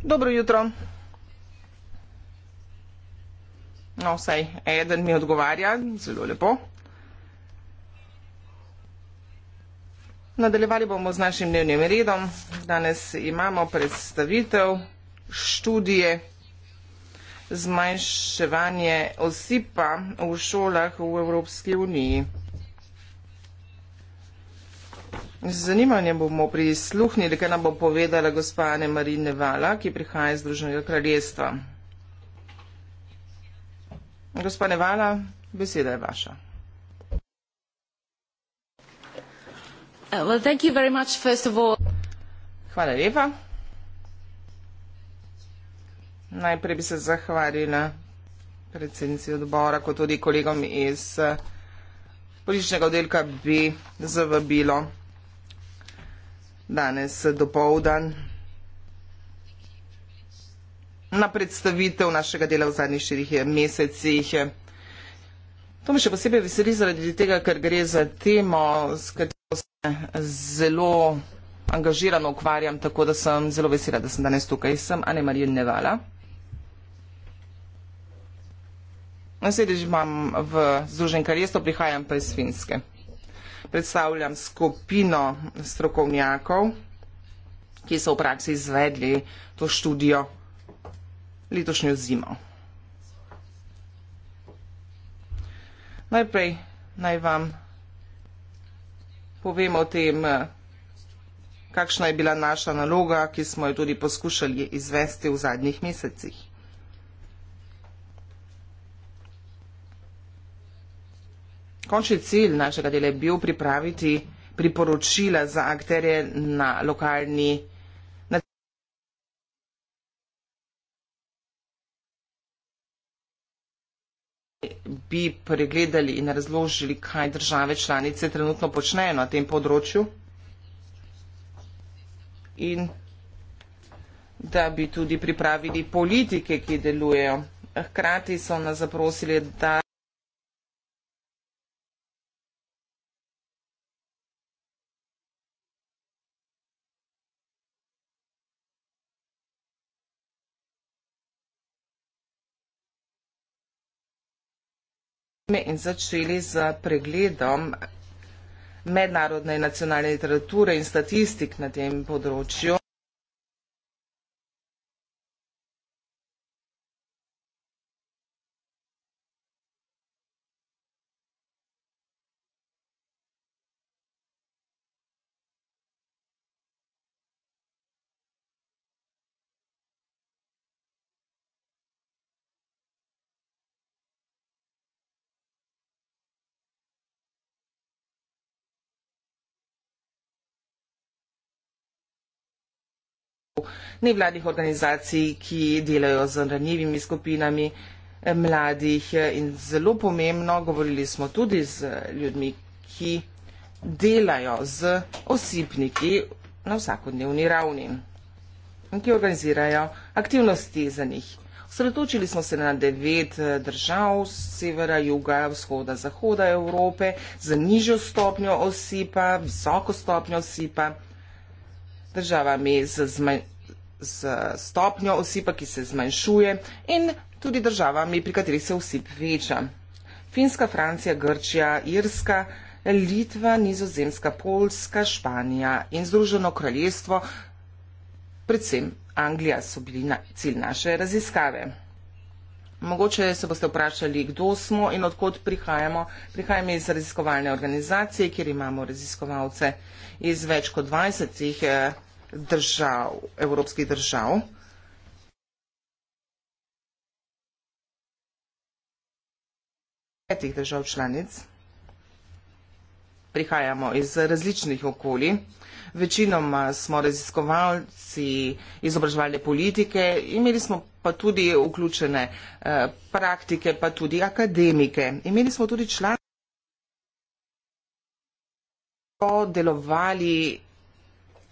Dobro jutro. No, vsaj eden mi odgovarja, zelo lepo. Nadaljevali bomo z našim dnevnim redom. Danes imamo predstavitev študije zmanjševanje osipa v šolah v Evropski uniji. Z zanimanjem bomo prisluhnili, kaj nam bo povedala gospa Ane Marine Vala, ki prihaja iz Združenega kraljestva. Gospa Nevala, beseda je vaša. Uh, well, thank you very much, first of all. Hvala lepa. Najprej bi se zahvalila predsednici odbora, kot tudi kolegom iz uh, političnega oddelka bi zavabilo danes do povdan na predstavitev našega dela v zadnjih širih mesecih. To me še posebej veseli zaradi tega, ker gre za temo, s katero se zelo angažirano ukvarjam, tako da sem zelo vesela, da sem danes tukaj. Sem Ane Marijo Nevala. Sedež imam v Združen kraljestvo, prihajam pa iz Finske predstavljam skupino strokovnjakov, ki so v praksi izvedli to študijo letošnjo zimo. Najprej naj vam povem o tem, kakšna je bila naša naloga, ki smo jo tudi poskušali izvesti v zadnjih mesecih. končni cilj našega dela je bil pripraviti priporočila za akterje na lokalni. bi pregledali in razložili, kaj države članice trenutno počnejo na tem področju in da bi tudi pripravili politike, ki delujejo. Hkrati so nas zaprosili, da pesmi in začeli z pregledom mednarodne in nacionalne literature in statistik na tem področju. nevladnih organizacij, ki delajo z ranjivimi skupinami mladih in zelo pomembno, govorili smo tudi z ljudmi, ki delajo z osipniki na vsakodnevni ravni in ki organizirajo aktivnosti za njih. Sredotočili smo se na devet eh, držav severa, juga, vzhoda, zahoda Evrope z nižjo stopnjo osipa, visoko stopnjo osipa, državami z zmanjšanjem z stopnjo osipa, ki se zmanjšuje in tudi državami, pri kateri se osip veča. Finska, Francija, Grčija, Irska, Litva, Nizozemska, Polska, Španija in Združeno kraljestvo, predvsem Anglija so bili na cilj naše raziskave. Mogoče se boste vprašali, kdo smo in odkot prihajamo. Prihajamo iz raziskovalne organizacije, kjer imamo raziskovalce iz več kot 20 držav, evropskih držav. Petih držav članic. Prihajamo iz različnih okolij. Večinoma smo raziskovalci izobraževalne politike, imeli smo pa tudi vključene eh, praktike, pa tudi akademike. Imeli smo tudi članice, ki so delovali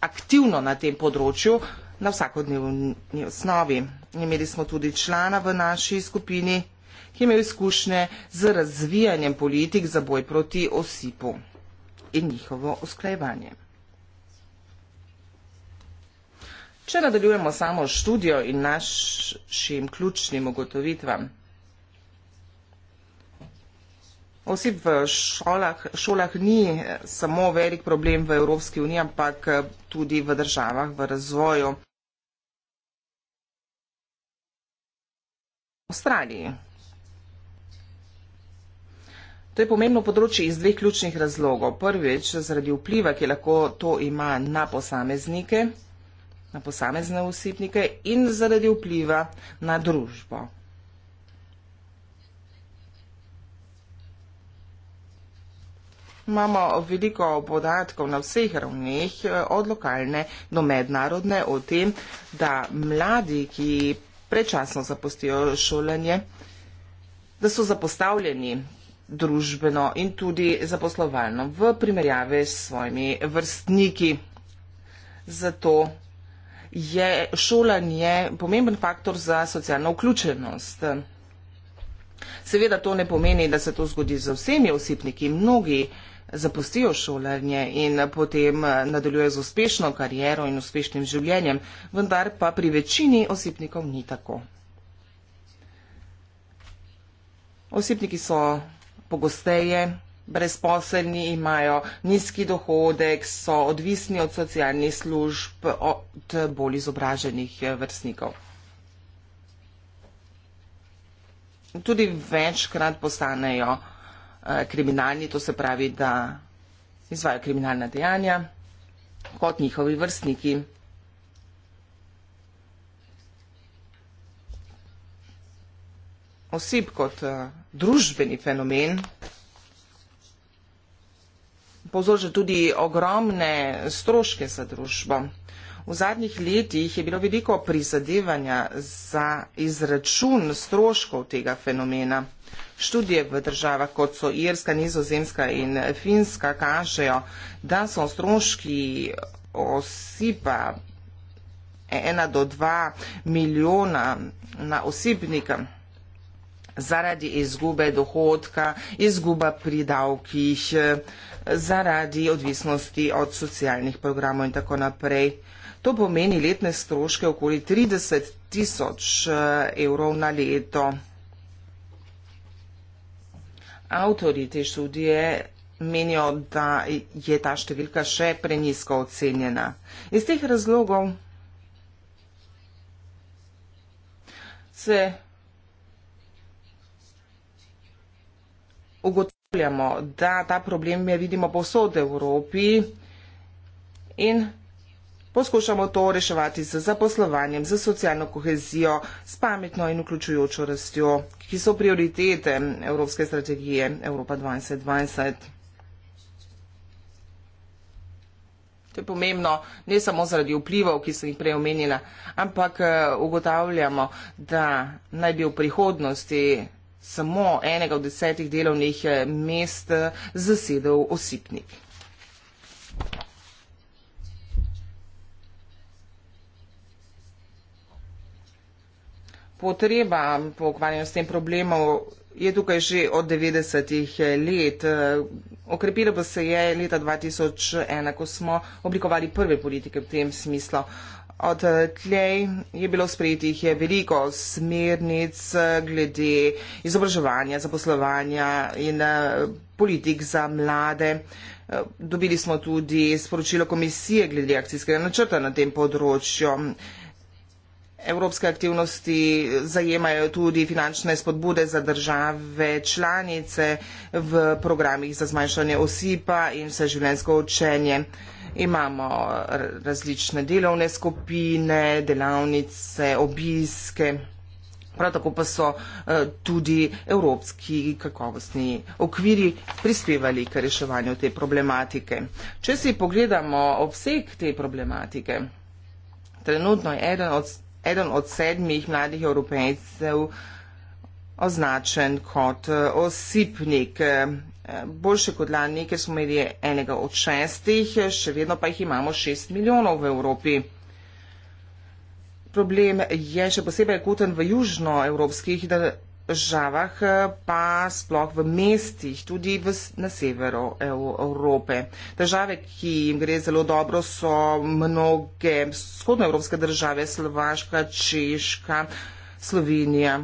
aktivno na tem področju na vsakodnevni osnovi. Imeli smo tudi člana v naši skupini, ki je imel izkušnje z razvijanjem politik za boj proti osipu in njihovo usklajevanje. Če nadaljujemo samo študijo in našim ključnim ugotovitvam, Oseb v šolah, šolah ni eh, samo velik problem v Evropski uniji, ampak eh, tudi v državah v razvoju. Avstraliji. To je pomembno področje iz dveh ključnih razlogov. Prvič, zaradi vpliva, ki lahko to ima na posameznike, na posamezne osebnike in zaradi vpliva na družbo. imamo veliko podatkov na vseh ravneh, eh, od lokalne do mednarodne, o tem, da mladi, ki prečasno zapustijo šolanje, da so zapostavljeni družbeno in tudi zaposlovalno v primerjave s svojimi vrstniki. Zato je šolanje pomemben faktor za socialno vključenost. Seveda to ne pomeni, da se to zgodi z vsemi osipniki. Mnogi zapustijo šolanje in potem nadaljujejo z uspešno kariero in uspešnim življenjem, vendar pa pri večini osipnikov ni tako. Osipniki so pogosteje brezposelni, imajo nizki dohodek, so odvisni od socialnih služb, od bolj izobraženih eh, vrstnikov. Tudi večkrat postanejo Eh, kriminalni, to se pravi, da izvajo kriminalna dejanja kot njihovi vrstniki. Oseb kot eh, družbeni fenomen povzroča tudi ogromne stroške za družbo. V zadnjih letih je bilo veliko prizadevanja za izračun stroškov tega fenomena. Študije v državah, kot so Irska, Nizozemska in Finska, kažejo, da so stroški osipa ena do dva milijona na osebnika zaradi izgube dohodka, izguba pri davkih, zaradi odvisnosti od socialnih programov in tako naprej. To pomeni letne stroške okoli 30 tisoč eh, evrov na leto. Avtori te študije menijo, da je ta številka še prenisko ocenjena. Iz teh razlogov se ugotavljamo, da ta problem je vidimo povsod v Evropi in Poskušamo to reševati z zaposlovanjem, z socialno kohezijo, s pametno in vključujočo rastjo, ki so prioritete Evropske strategije Evropa 2020. To je pomembno ne samo zaradi vplivov, ki sem jih prej omenila, ampak eh, ugotavljamo, da naj bi v prihodnosti samo enega od desetih delovnih eh, mest eh, zasedel osipnik. potreba po ukvarjanju s tem problemom je tukaj že od 90-ih let. Okrepilo pa se je leta 2001, ko smo oblikovali prve politike v tem smislu. Od tlej je bilo sprejetih veliko smernic glede izobraževanja, zaposlovanja in politik za mlade. Dobili smo tudi sporočilo komisije glede akcijskega načrta na tem področju. Evropske aktivnosti zajemajo tudi finančne spodbude za države članice v programih za zmanjšanje osipa in vseživljenjsko učenje. Imamo različne delovne skupine, delavnice, obiske. Prav tako pa so eh, tudi evropski kakovostni okviri prispevali k reševanju te problematike. Če si pogledamo obseg te problematike, trenutno je eden od eden od sedmih mladih Evropejcev označen kot eh, osipnik. Eh, boljše kot lani, ker smo imeli enega od šestih, še vedno pa jih imamo šest milijonov v Evropi. Problem je še posebej akuten v južnoevropskih državah državah, eh, pa sploh v mestih, tudi v, na severu EU, Evrope. Države, ki jim gre zelo dobro, so mnoge vzhodnoevropske države, Slovaška, Češka, Slovenija.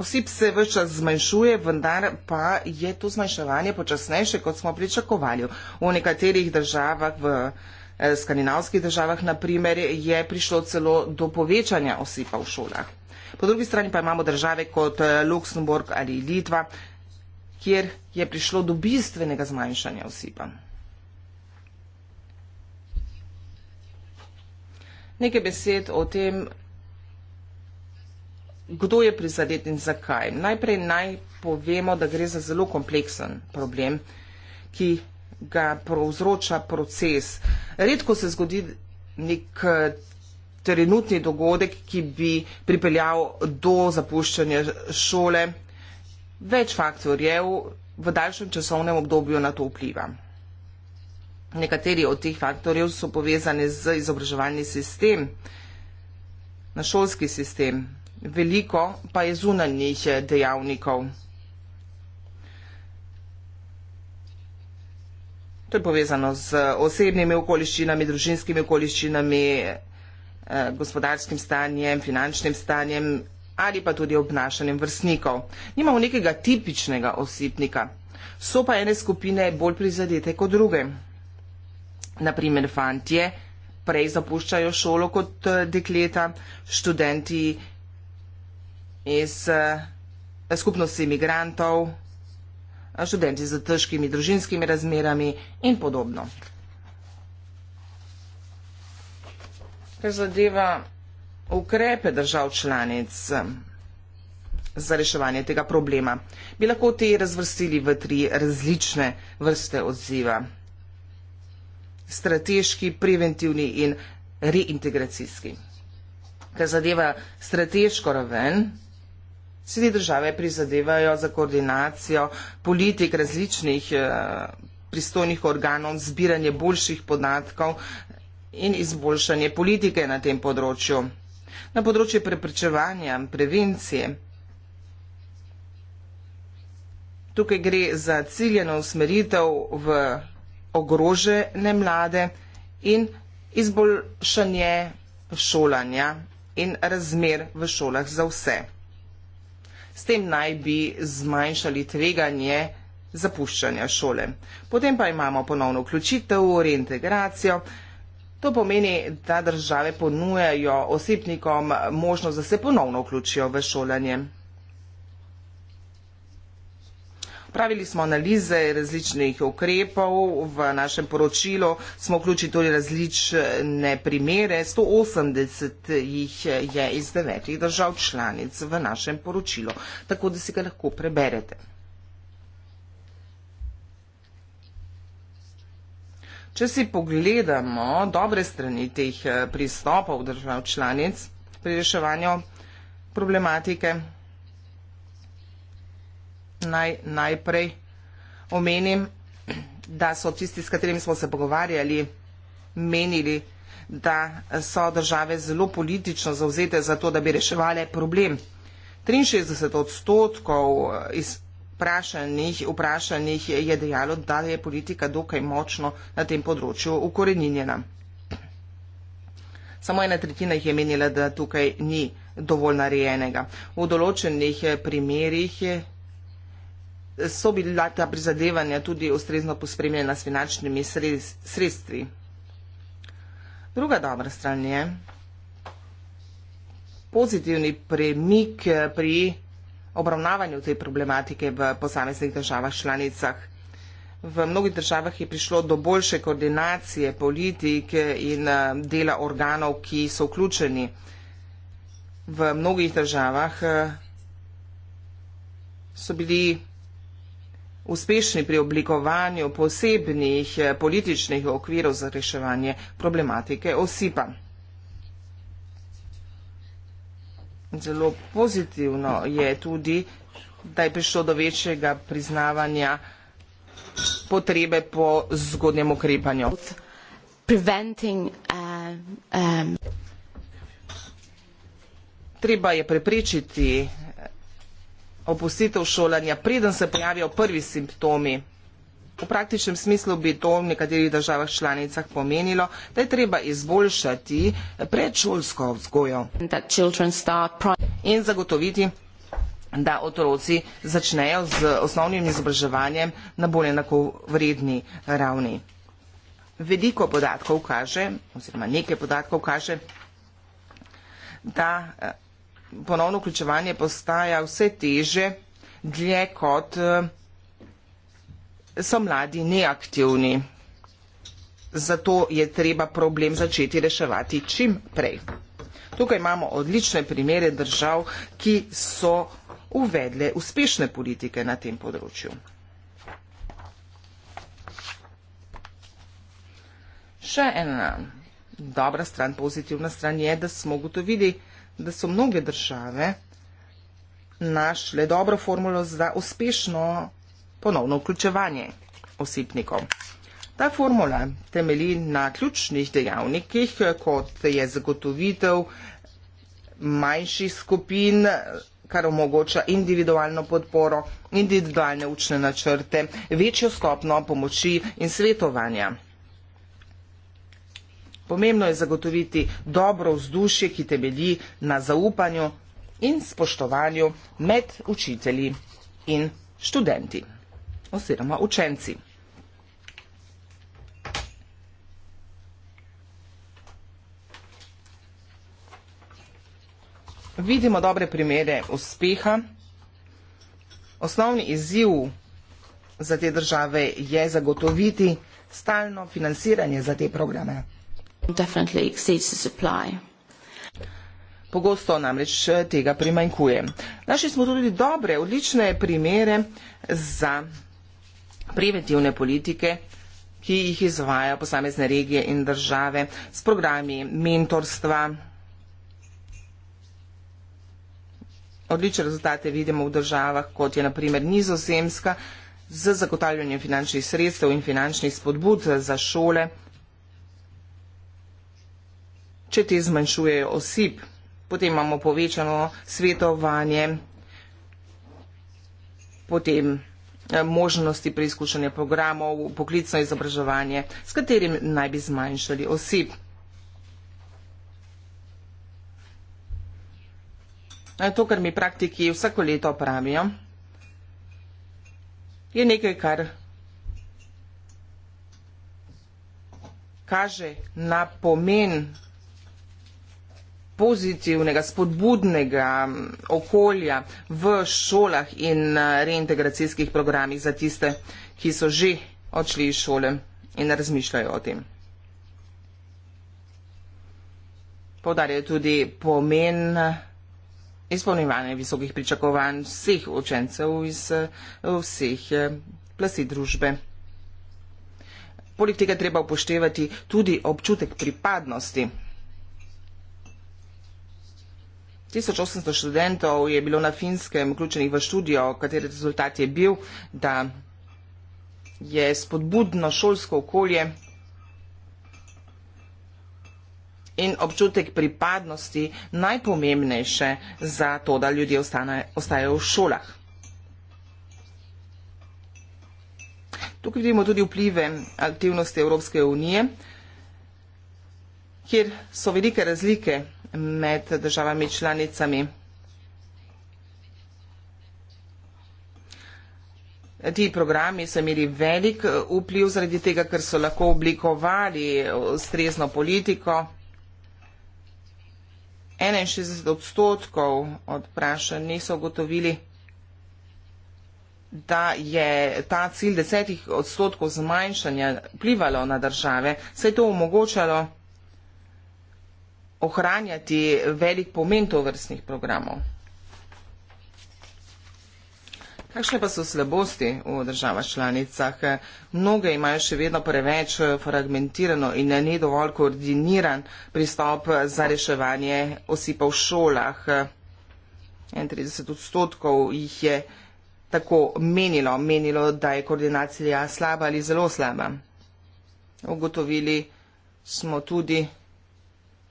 Osip se vse čas zmanjšuje, vendar pa je to zmanjševanje počasnejše, kot smo pričakovali. V nekaterih državah v Eh, skandinavskih državah naprimer, je prišlo celo do povečanja osipa v šolah. Po drugi strani pa imamo države kot eh, Luksemburg ali Litva, kjer je prišlo do bistvenega zmanjšanja osipa. Nekaj besed o tem, kdo je prizadet in zakaj. Najprej naj povemo, da gre za zelo kompleksen problem, ki ga povzroča proces, ki ga povzroča proces, redko se zgodi nek eh, trenutni dogodek, ki bi pripeljal do zapuščanja šole. Več faktorjev v daljšem časovnem obdobju na to vpliva. Nekateri od teh faktorjev so povezani z izobraževalni sistem, na šolski sistem, veliko pa je zunanjih dejavnikov. To je povezano z osebnimi okoliščinami, družinskimi okoliščinami, eh, gospodarskim stanjem, finančnim stanjem ali pa tudi obnašanjem vrstnikov. Nimamo nekega tipičnega osipnika. So pa ene skupine bolj prizadete kot druge. Naprimer, fantje prej zapuščajo šolo kot eh, dekleta, študenti iz eh, skupnosti imigrantov, študenti z težkimi družinskimi razmerami in podobno. Kar zadeva ukrepe držav članic eh, za reševanje tega problema, bi lahko te razvrstili v tri različne vrste odziva. Strateški, preventivni in reintegracijski. Kar zadeva strateško raven, Se te države prizadevajo za koordinacijo politik različnih eh, pristojnih organov, zbiranje boljših podatkov in izboljšanje politike na tem področju. Na področju preprečevanja, prevencije, tukaj gre za ciljeno usmeritev v ogrožene mlade in izboljšanje šolanja in razmer v šolah za vse. S tem naj bi zmanjšali tveganje zapuščanja šole. Potem pa imamo ponovno vključitev, reintegracijo. To pomeni, da države ponujajo osebnikom možnost, da se ponovno vključijo v šolanje. Pravili smo analize različnih ukrepov, v našem poročilu smo vključili tudi različne primere, 180 jih je iz devetih držav članic v našem poročilu, tako da si ga lahko preberete. Če si pogledamo dobre strani teh eh, pristopov držav članic pri reševanju problematike, naj najprej omenim, da so tisti, s katerimi smo se pogovarjali, menili, da so države zelo politično zauzete za to, da bi reševali problem. 63 odstotkov eh, iz vprašanih, vprašanih je dejalo, da je politika dokaj močno na tem področju ukoreninjena. Samo ena tretjina jih je menila, da tukaj ni dovolj narejenega. V določenih primerjih so bila ta prizadevanja tudi ustrezno pospremljena s finančnimi sredstvi. Druga dobra stran je pozitivni premik pri obravnavanju te problematike v posameznih državah članicah. V mnogih državah je prišlo do boljše koordinacije politik in dela organov, ki so vključeni. V mnogih državah so bili uspešni pri oblikovanju posebnih eh, političnih okvirov za reševanje problematike osipa. Zelo pozitivno je tudi, da je prišlo do večjega priznavanja potrebe po zgodnjem ukrepanju. Eh, eh, Treba je preprečiti opustitev šolanja, preden se pojavijo prvi simptomi. V praktičnem smislu bi to v nekaterih državah članicah pomenilo, da je treba izboljšati predšolsko vzgojo in zagotoviti, da otroci začnejo z osnovnim izobraževanjem na bolj enakovredni ravni. Veliko podatkov kaže, oziroma nekaj podatkov kaže, da eh, ponovno vključevanje postaja vse teže, dlje kot eh, so mladi neaktivni. Zato je treba problem začeti reševati čim prej. Tukaj imamo odlične primere držav, ki so uvedle uspešne politike na tem področju. Še ena dobra stran, pozitivna stran je, da smo gotovili, da smo gotovili, da so mnoge države našle dobro formulo za uspešno ponovno vključevanje osebnikov. Ta formula temelji na ključnih dejavnikih, kot je zagotovitev manjših skupin, kar omogoča individualno podporo, individualne učne načrte, večjo stopno pomoči in svetovanja. Pomembno je zagotoviti dobro vzdušje, ki temelji na zaupanju in spoštovanju med učitelji in študenti oziroma učenci. Vidimo dobre primere uspeha. Osnovni izziv za te države je zagotoviti stalno financiranje za te programe. Pogosto namreč eh, tega primanjkuje. Našli smo tudi dobre, odlične primere za preventivne politike, ki jih izvajo posamezne regije in države s programi mentorstva. Odlične rezultate vidimo v državah, kot je naprimer Nizozemska, z zagotavljanjem finančnih sredstev in finančnih spodbud za šole če te zmanjšujejo osip. Potem imamo povečano svetovanje, potem eh, možnosti preizkušanja programov, poklicno izobraževanje, s katerim naj bi zmanjšali osip. To, kar mi praktiki vsako leto pravijo, je nekaj, kar kaže na pomen pozitivnega, spodbudnega okolja v šolah in eh, reintegracijskih programih za tiste, ki so že odšli iz šole in razmišljajo o tem. Povdarjajo tudi pomen eh, izpolnjevanja visokih pričakovanj vseh učencev iz eh, vseh plasti družbe. Poleg tega treba upoštevati tudi občutek pripadnosti. 1800 študentov je bilo na Finskem vključenih v študijo, kateri rezultat je bil, da je spodbudno šolsko okolje in občutek pripadnosti najpomembnejše za to, da ljudje ostajajo v šolah. Tukaj vidimo tudi vplive aktivnosti Evropske unije, kjer so velike razlike vsega, med državami članicami. Ti programi so imeli velik uh, vpliv zaradi tega, ker so lahko oblikovali strezno politiko. 61 odstotkov od vprašanih so ugotovili, da je ta cilj desetih odstotkov zmanjšanja vplivalo na države. Vse to omogočalo ohranjati velik pomen tovrstnih programov. Kakšne pa so slabosti v državah članicah? Mnoge imajo še vedno preveč fragmentirano in ne dovolj koordiniran pristop za reševanje osipa v šolah. 31 odstotkov jih je tako menilo, menilo, da je koordinacija slaba ali zelo slaba. Ugotovili smo tudi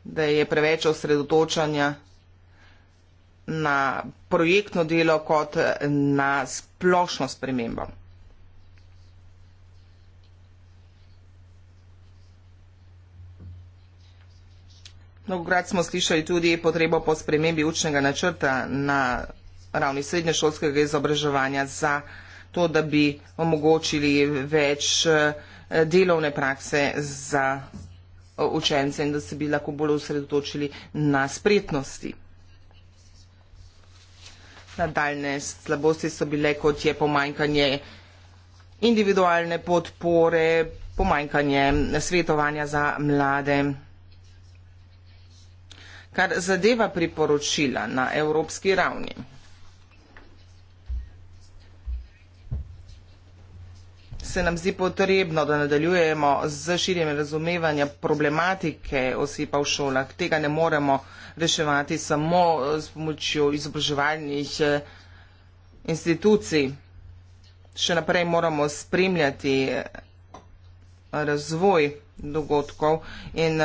da je preveč osredotočanja na projektno delo kot na splošno spremembo. Mnogokrat smo slišali tudi potrebo po spremembi učnega načrta na ravni srednješolskega izobraževanja za to, da bi omogočili več eh, delovne prakse za učenje učence in da se bi lahko bolj osredotočili na spretnosti. Nadaljne slabosti so bile, kot je pomanjkanje individualne podpore, pomanjkanje svetovanja za mlade. Kar zadeva priporočila na evropski ravni. se nam zdi potrebno, da nadaljujemo z širjenjem razumevanja problematike osipa v šolah. Tega ne moremo reševati samo eh, s pomočjo izobraževalnih eh, institucij. Še naprej moramo spremljati eh, razvoj dogodkov in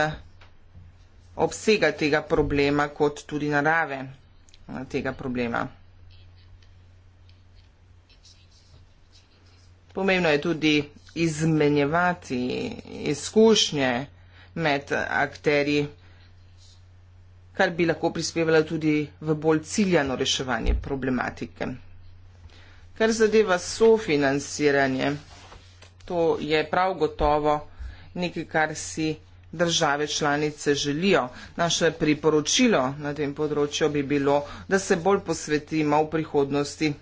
obsega tega problema kot tudi narave tega problema. Pomembno je tudi izmenjevati izkušnje med akteri, kar bi lahko prispevalo tudi v bolj ciljano reševanje problematike. Kar zadeva sofinanciranje, to je prav gotovo nekaj, kar si države članice želijo. Naše priporočilo na tem področju bi bilo, da se bolj posvetimo v prihodnosti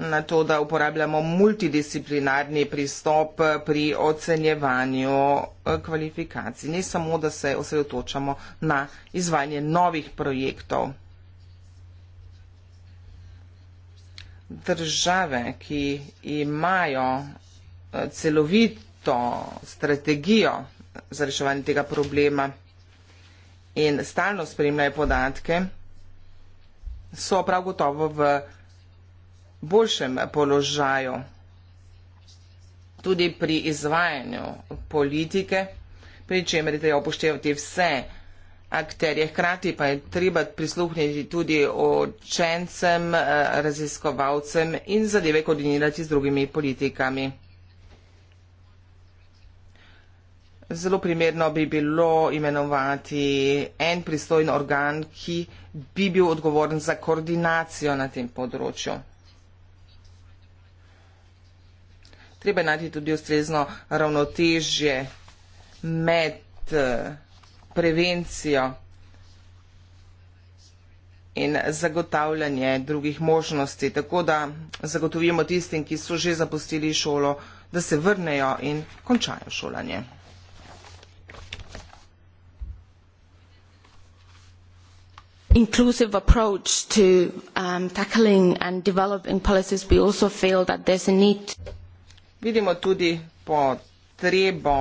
na to, da uporabljamo multidisciplinarni pristop pri ocenjevanju eh, kvalifikacij. Ne samo, da se osredotočamo na izvajanje novih projektov. Države, ki imajo eh, celovito strategijo za reševanje tega problema in stalno spremljajo podatke, so prav gotovo v boljšem položaju tudi pri izvajanju politike, pri čemer je treba upoštevati vse akterje. Hkrati pa je treba prisluhniti tudi očencem, eh, raziskovalcem in zadeve koordinirati z drugimi politikami. Zelo primerno bi bilo imenovati en pristojen organ, ki bi bil odgovoren za koordinacijo na tem področju. treba najti tudi ustrezno ravnotežje med eh, prevencijo in zagotavljanje drugih možnosti, tako da zagotovimo tistim, ki so že zapustili šolo, da se vrnejo in končajo šolanje. Inclusive approach to um, tackling and developing policies, we also feel that there's a need. To... Vidimo tudi potrebo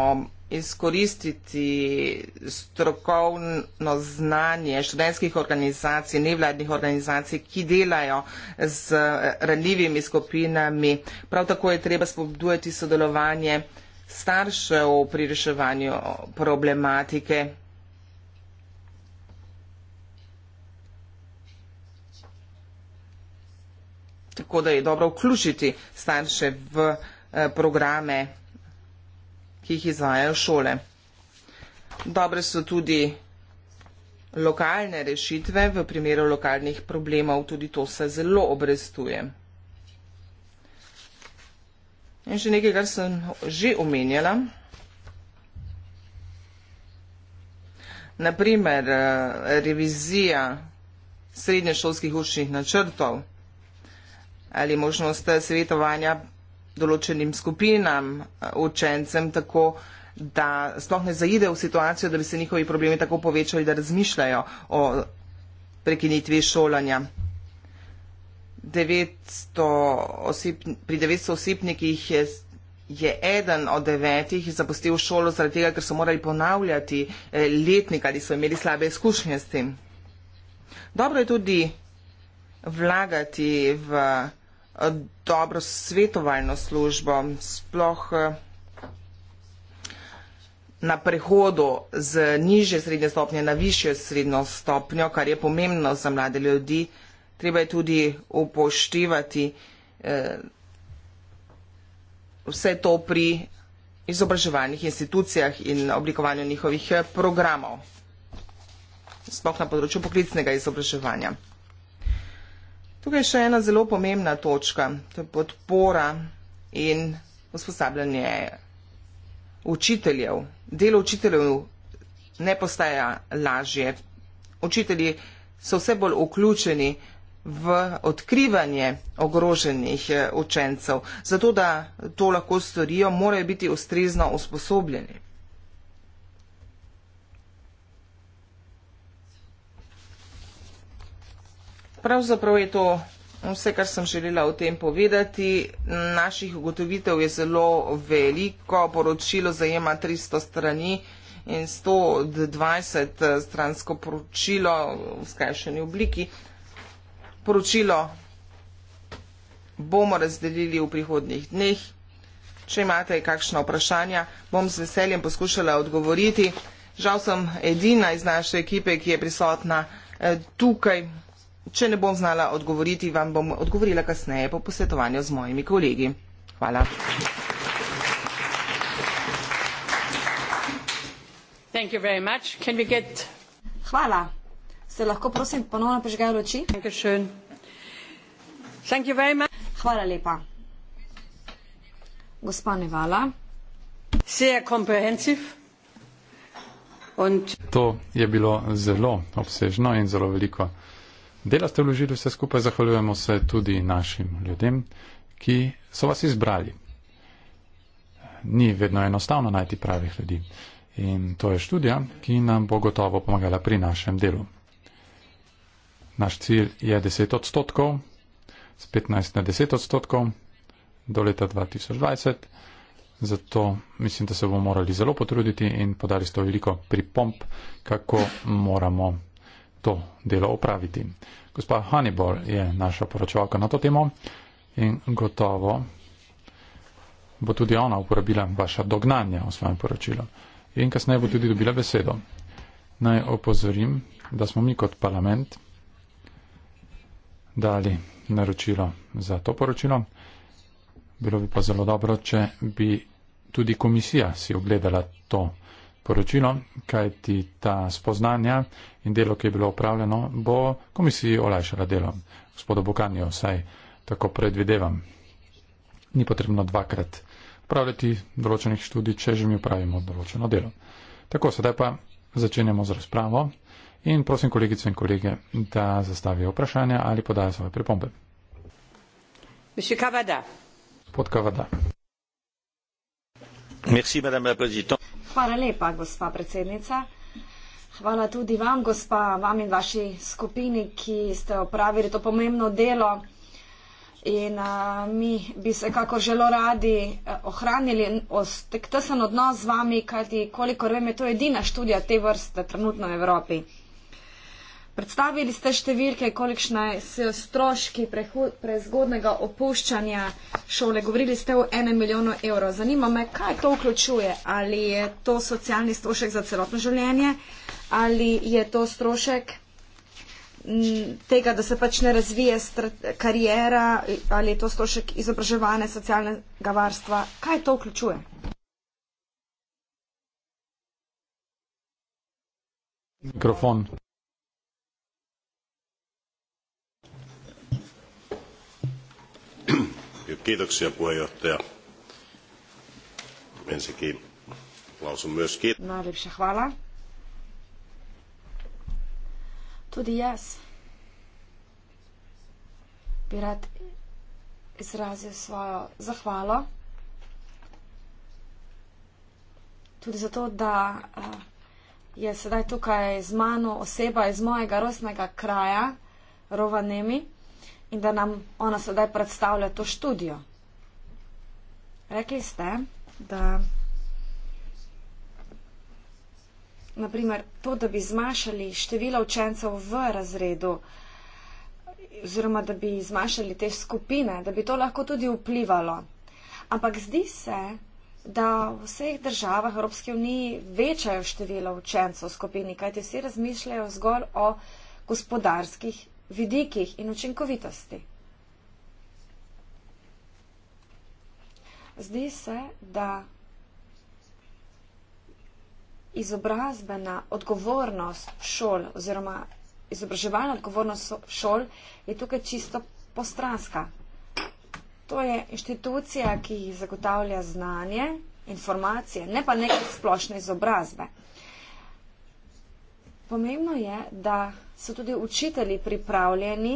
izkoristiti strokovno znanje študentskih organizacij, nevladnih organizacij, ki delajo z ranljivimi skupinami. Prav tako je treba spodbujati sodelovanje staršev pri reševanju problematike. Tako da je dobro vključiti starše v Eh, programe, ki jih izvajajo šole. Dobre so tudi lokalne rešitve, v primeru lokalnih problemov tudi to se zelo obrestuje. In še nekaj, kar sem že omenjala. Naprimer, eh, revizija srednješolskih učnih načrtov ali možnost svetovanja določenim skupinam eh, učencem tako, da sploh ne zaide v situacijo, da bi se njihovi problemi tako povečali, da razmišljajo o prekinitvi šolanja. 900 osip, pri 900 osipnikih je, je eden od devetih zapustil šolo zaradi tega, ker so morali ponavljati eh, letnik ali so imeli slabe izkušnje s tem. Dobro je tudi vlagati v dobro svetovalno službo, sploh eh, na prehodu z nižje srednje stopnje na višjo srednjo stopnjo, kar je pomembno za mlade ljudi, treba je tudi upoštevati eh, vse to pri izobraževalnih institucijah in oblikovanju njihovih eh, programov, sploh na področju poklicnega izobraževanja. Tukaj je še ena zelo pomembna točka, to je podpora in usposabljanje učiteljev. Delo učiteljev ne postaja lažje. Učitelji so vse bolj vključeni v odkrivanje ogroženih eh, učencev. Zato, da to lahko storijo, morajo biti ustrezno usposobljeni. Pravzaprav je to vse, kar sem želela o tem povedati. Naših ugotovitev je zelo veliko, poročilo zajema 300 strani in 120 eh, stransko poročilo v skrajšeni obliki. Poročilo bomo razdelili v prihodnjih dneh. Če imate kakšna vprašanja, bom z veseljem poskušala odgovoriti. Žal sem edina iz naše ekipe, ki je prisotna eh, tukaj. Če ne bom znala odgovoriti, vam bom odgovorila kasneje po posvetovanju z mojimi kolegi. Hvala. Thank you very much. Can we get... Hvala. Se lahko prosim ponovno prižgajo luči? Thank you schön. Thank you very much. Hvala lepa. Gospa Nevala. Sehr comprehensive. Und... To je bilo zelo obsežno in zelo veliko. Dela ste vložili vse skupaj, zahvaljujemo se tudi našim ljudem, ki so vas izbrali. Ni vedno enostavno najti pravih ljudi. In to je študija, ki nam bo gotovo pomagala pri našem delu. Naš cilj je 10 odstotkov, z 15 na 10 odstotkov do leta 2020. Zato mislim, da se bomo morali zelo potruditi in podali ste veliko pripomp, kako moramo to delo opraviti. Gospa Hannibal je naša poročevalka na to temo in gotovo bo tudi ona uporabila vaša dognanja v svojem poročilu. In kasneje bo tudi dobila besedo. Naj opozorim, da smo mi kot parlament dali naročilo za to poročilo. Bilo bi pa zelo dobro, če bi tudi komisija si ogledala to poročilo, kaj ti ta spoznanja in delo, ki je bilo upravljeno, bo komisiji olajšala delo. Gospodo Bokanjo, vsaj tako predvidevam. Ni potrebno dvakrat upravljati določenih študij, če že mi upravimo določeno delo. Tako, sedaj pa začenjamo z razpravo in prosim kolegice in kolege, da zastavijo vprašanja ali podajo svoje pripombe. Gospod Kavada. Merci, madame la présidente. Hvala lepa, gospa predsednica. Hvala tudi vam, gospa, vam in vaši skupini, ki ste opravili to pomembno delo. In a, mi bi se kako želo radi ohranili tesen odnos z vami, kajti koliko vem, je to edina študija te vrste trenutno v Evropi. Predstavili ste številke, kolikšne so stroški prezgodnega opuščanja šole. Govorili ste o enem milijonu evrov. Zanima me, kaj to vključuje. Ali je to socialni strošek za celotno življenje, ali je to strošek tega, da se pač ne razvije karijera, ali je to strošek izobraževanja, socialnega varstva. Kaj to vključuje? Mikrofon. Kiitoksia puheenjohtaja. Ensinnäkin lausun myös kiitoksia. Tudi jaz bi rad izrazil svojo zahvalo. Tudi zato, da eh, je sedaj tukaj z mano oseba iz mojega rosnega kraja, Rovanemi in da nam ona sedaj predstavlja to študijo. Rekli ste, da naprimer to, da bi zmašali število učencev v razredu oziroma da bi zmašali te skupine, da bi to lahko tudi vplivalo. Ampak zdi se, da v vseh državah Evropske unije večajo število učencev v skupini, kajti vsi razmišljajo zgolj o gospodarskih vidikih in učinkovitosti. Zdi se, da izobrazbena odgovornost šol oziroma izobraževalna odgovornost šol je tukaj čisto postranska. To je inštitucija, ki zagotavlja znanje, informacije, ne pa neke splošne izobrazbe. Uh, Pomembno je, da so tudi učitelji pripravljeni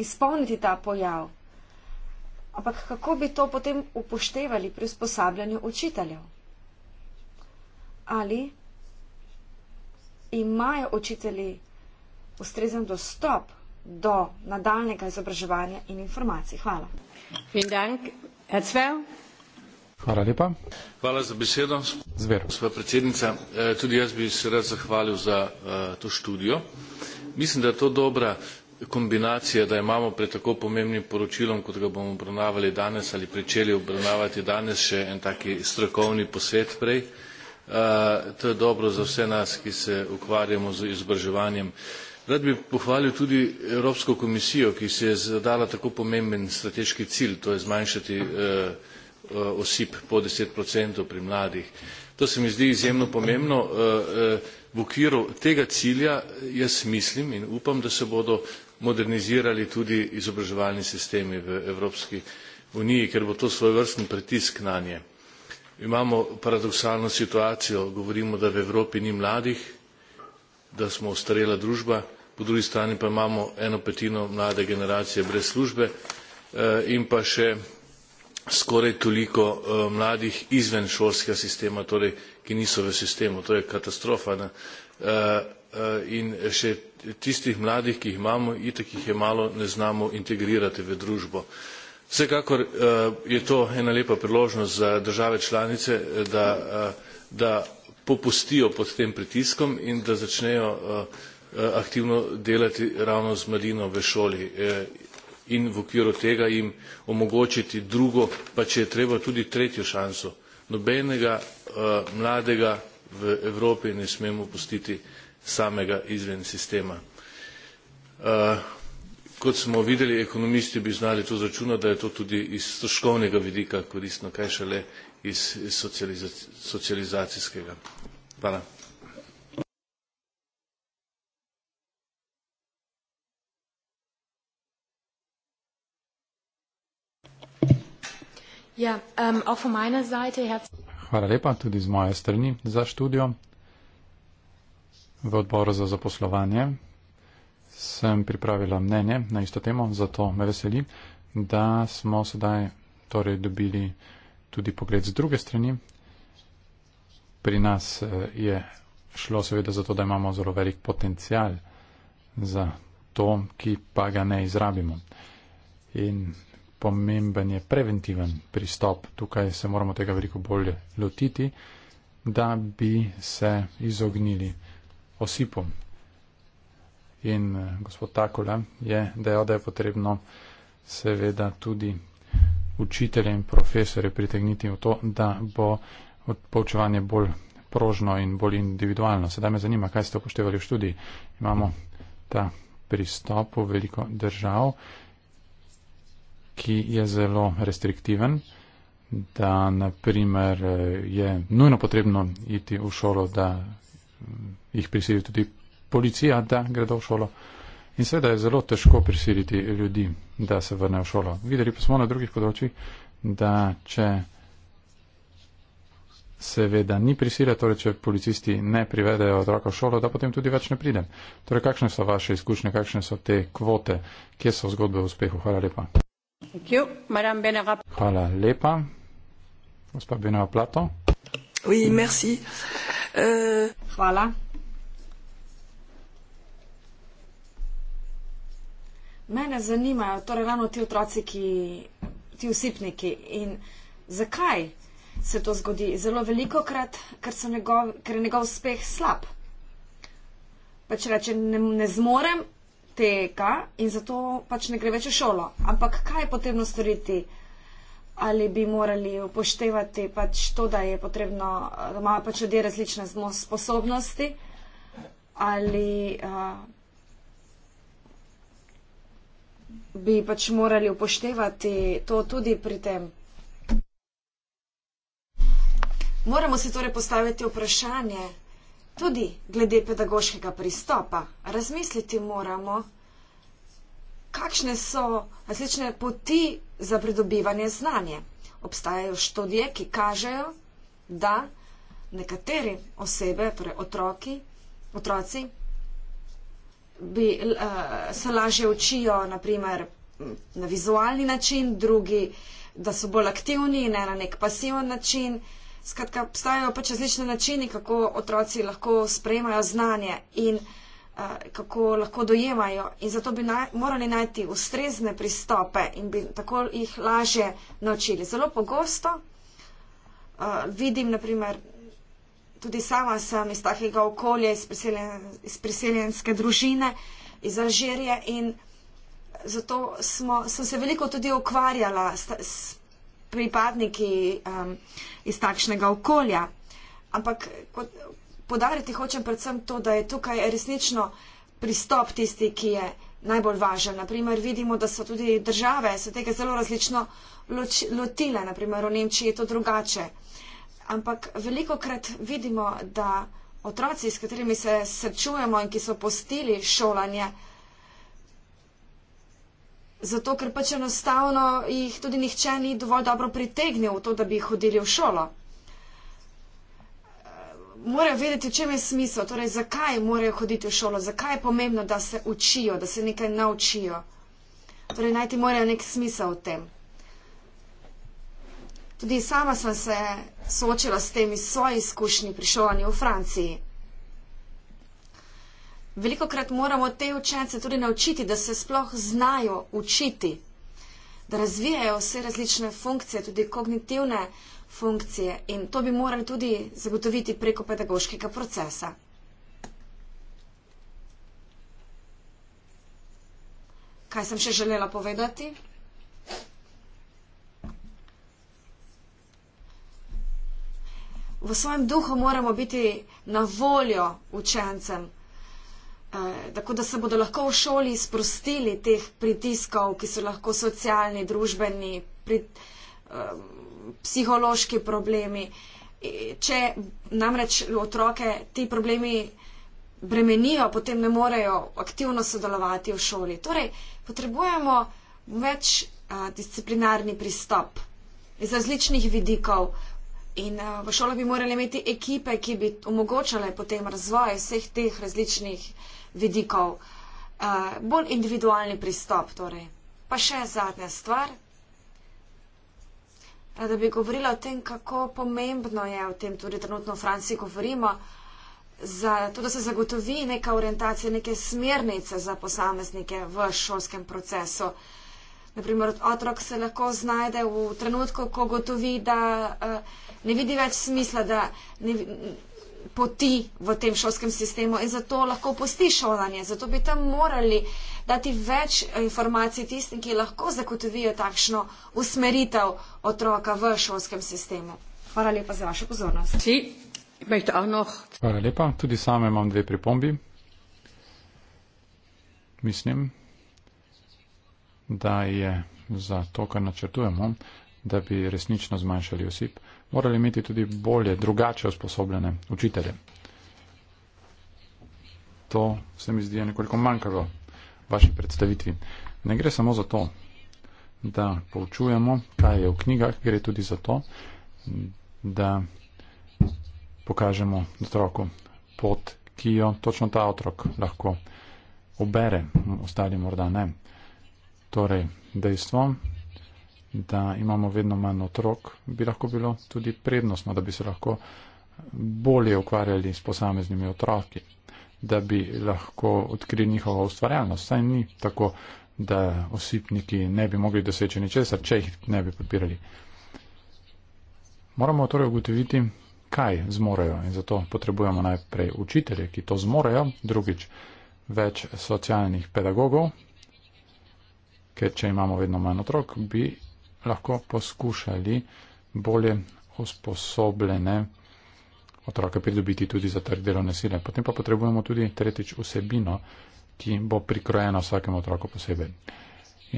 izpolniti ta pojav. Ampak kako bi to potem upoštevali pri usposabljanju učiteljev? Ali imajo učitelji ustrezen dostop do nadaljnega izobraževanja in informacij? Hvala. Vielen Dank. Herr Zwerg. Hvala lepa. Hvala za besedo. Zver. Sva predsednica, eh, tudi jaz bi se rad zahvalil za eh, to študijo. Mislim, da je to dobra kombinacija, da imamo pred tako pomembnim poročilom, kot ga bomo obravnavali danes ali pričeli obravnavati danes, še en taki strokovni posvet prej. Eh, to je dobro za vse nas, ki se ukvarjamo z izobraževanjem. Rad bi pohvalil tudi Evropsko komisijo, ki si je zadala tako pomemben strateški cilj, to je zmanjšati eh, Eh, osip po deset odstotkov pri mladih. To se mi zdi izjemno pomembno. Eh, eh, v okviru tega cilja jaz mislim in upam, da se bodo modernizirali tudi izobraževalni sistemi v Evropski uniji, ker bo to svojevrsten pritisk na nje. Imamo paradoksalno situacijo, govorimo, da v Evropi ni mladih, da smo ostarela družba, po drugi strani pa imamo eno petino mlade generacije brez službe in pa še skoraj toliko eh, mladih izven šolskega sistema torej ki niso v sistemu to je katastrofa ne? Eh, eh, in še tistih mladih ki jih imamo itak jih je malo ne znamo integrirati v družbo vsekakor je to ena lepa priložnost za države članice da, da popustijo pod tem pritiskom in da začnejo aktivno delati ravno z mladino v šoli in v okviru tega jim omogočiti drugo, pa če je treba tudi tretjo šanso. Nobenega uh, mladega v Evropi ne smemo pustiti samega izven sistema. Uh, kot smo videli, ekonomisti bi znali to zračunati, da je to tudi iz stroškovnega vidika koristno, kaj šele iz socializacijskega. Hvala. Ja, um, auch von meiner Seite herzlichen Dank. Hvala lepa tudi z moje strani za študijo. V odboru za zaposlovanje sem pripravila mnenje na isto temo, zato me veseli, da smo sedaj torej dobili tudi pogled z druge strani. Pri nas eh, je šlo seveda zato, da imamo zelo velik potencial za to, ki pa ga ne izrabimo. In pomemben je preventiven pristop. Tukaj se moramo tega veliko bolje lotiti, da bi se izognili osipom. In eh, gospod Takole je dejal, da je potrebno seveda tudi učitelje in profesore pritegniti v to, da bo poučevanje bolj prožno in bolj individualno. Sedaj me zanima, kaj ste upoštevali v študiji. Imamo ta pristop v veliko držav ki je zelo restriktiven, da naprimer je nujno potrebno iti v šolo, da mm, jih prisili tudi policija, da gredo v šolo. In seveda je zelo težko prisiliti ljudi, da se vrnejo v šolo. Videli pa smo na drugih področjih, da če seveda ni prisile, torej če policisti ne privedejo otroka v šolo, da potem tudi več ne pride. Torej, kakšne so vaše izkušnje, kakšne so te kvote, kje so zgodbe o uspehu? Hvala lepa. Hvala lepa. Gospa Benova Plato. Oui, merci. Euh... Hvala. Mene zanimajo torej ravno ti otroci, ki, ti usipniki in zakaj se to zgodi? Zelo veliko krat, ker, njegov, ker je njegov uspeh slab. Pa če reče, ne, ne zmorem, teka in zato pač ne gre več v šolo. Ampak kaj je potrebno storiti? Ali bi morali upoštevati pač to, da je potrebno, da imajo pač ljudje različne sposobnosti? Ali uh, bi pač morali upoštevati to tudi pri tem? Moramo si torej postaviti vprašanje. Tudi glede pedagoškega pristopa razmisliti moramo, kakšne so različne poti za pridobivanje znanja. Obstajajo študije, ki kažejo, da nekateri osebe, torej otroki, otroci, bi, eh, se lažje učijo naprimer, na vizualni način, drugi, da so bolj aktivni, ne na nek pasiven način. Skratka, obstajajo pač različne načini, kako otroci lahko sprejemajo znanje in uh, kako lahko dojemajo. In zato bi naj, morali najti ustrezne pristope in bi tako jih lažje naučili. Zelo pogosto uh, vidim, naprimer, tudi sama sem iz takega okolja, iz, priseljen, iz priseljenske družine, iz Alžirije in zato smo, sem se veliko tudi ukvarjala s, s pripadniki um, iz takšnega okolja. Ampak kot, podariti hočem predvsem to, da je tukaj resnično pristop tisti, ki je najbolj važen. Naprimer, vidimo, da so tudi države se tega zelo različno loč, lotile. Naprimer, v Nemčiji je to drugače. Ampak veliko krat vidimo, da otroci, s katerimi se srečujemo in ki so postili šolanje, Zato, ker pač enostavno jih tudi nihče ni dovolj dobro pritegnil v to, da bi hodili v šolo. Morajo vedeti, v čem je smisel, torej zakaj morajo hoditi v šolo, zakaj je pomembno, da se učijo, da se nekaj naučijo. Torej, najti morajo nek smisel v tem. Tudi sama sem se soočila s temi svoji izkušnji pri šolanju v Franciji. Veliko krat moramo te učence tudi naučiti, da se sploh znajo učiti, da razvijajo vse različne funkcije, tudi kognitivne funkcije in to bi morali tudi zagotoviti preko pedagoškega procesa. Kaj sem še želela povedati? V svojem duhu moramo biti na voljo učencem, Eh, tako da se bodo lahko v šoli sprostili teh pritiskov, ki so lahko socialni, družbeni, pri, uh, psihološki problemi. Eh, če namreč otroke ti problemi bremenijo, potem ne morejo aktivno sodelovati v šoli. Torej, potrebujemo več a, disciplinarni pristop iz različnih vidikov In uh, v šolah bi morali imeti ekipe, ki bi omogočale potem razvoj vseh teh različnih vidikov. Uh, bolj individualni pristop, torej. Pa še zadnja stvar. Rada bi govorila o tem, kako pomembno je o tem tudi trenutno v Franciji govorimo, za to, da se zagotovi neka orientacija, neke smernice za posameznike v šolskem procesu. Uh, Naprimer, otrok se lahko znajde v trenutku, ko gotovi, da uh, ne vidi več smisla, da ne, poti v tem šolskem sistemu in zato lahko pusti šolanje. Zato bi tam morali dati več informacij tistim, ki lahko zagotovijo takšno usmeritev otroka v šolskem sistemu. Hvala lepa za vašo pozornost. Hvala lepa. Tudi sam imam dve pripombi. Mislim da je za to, kar načrtujemo, da bi resnično zmanjšali osip, morali imeti tudi bolje, drugače usposobljene učitelje. To se mi zdi nekoliko manjkalo v vaši predstavitvi. Ne gre samo za to, da poučujemo, kaj je v knjigah, gre tudi za to, da pokažemo otroku pot, ki jo točno ta otrok lahko obere, ostali morda ne. Torej, dejstvo, da imamo vedno manj otrok, bi lahko bilo tudi prednostno, da bi se lahko bolje ukvarjali s posameznimi otroki, da bi lahko odkrili njihovo ustvarjalnost. Saj ni tako, da osipniki ne bi mogli doseči ničesar, če jih ne bi podpirali. Moramo torej ugotoviti, kaj zmorejo in zato potrebujemo najprej učitelje, ki to zmorejo, drugič več socialnih pedagogov, ker če imamo vedno manj otrok, bi lahko poskušali bolje usposobljene otroke pridobiti tudi za trg delovne sile. Potem pa potrebujemo tudi tretjič vsebino, ki bo prikrojena vsakemu otroku posebej.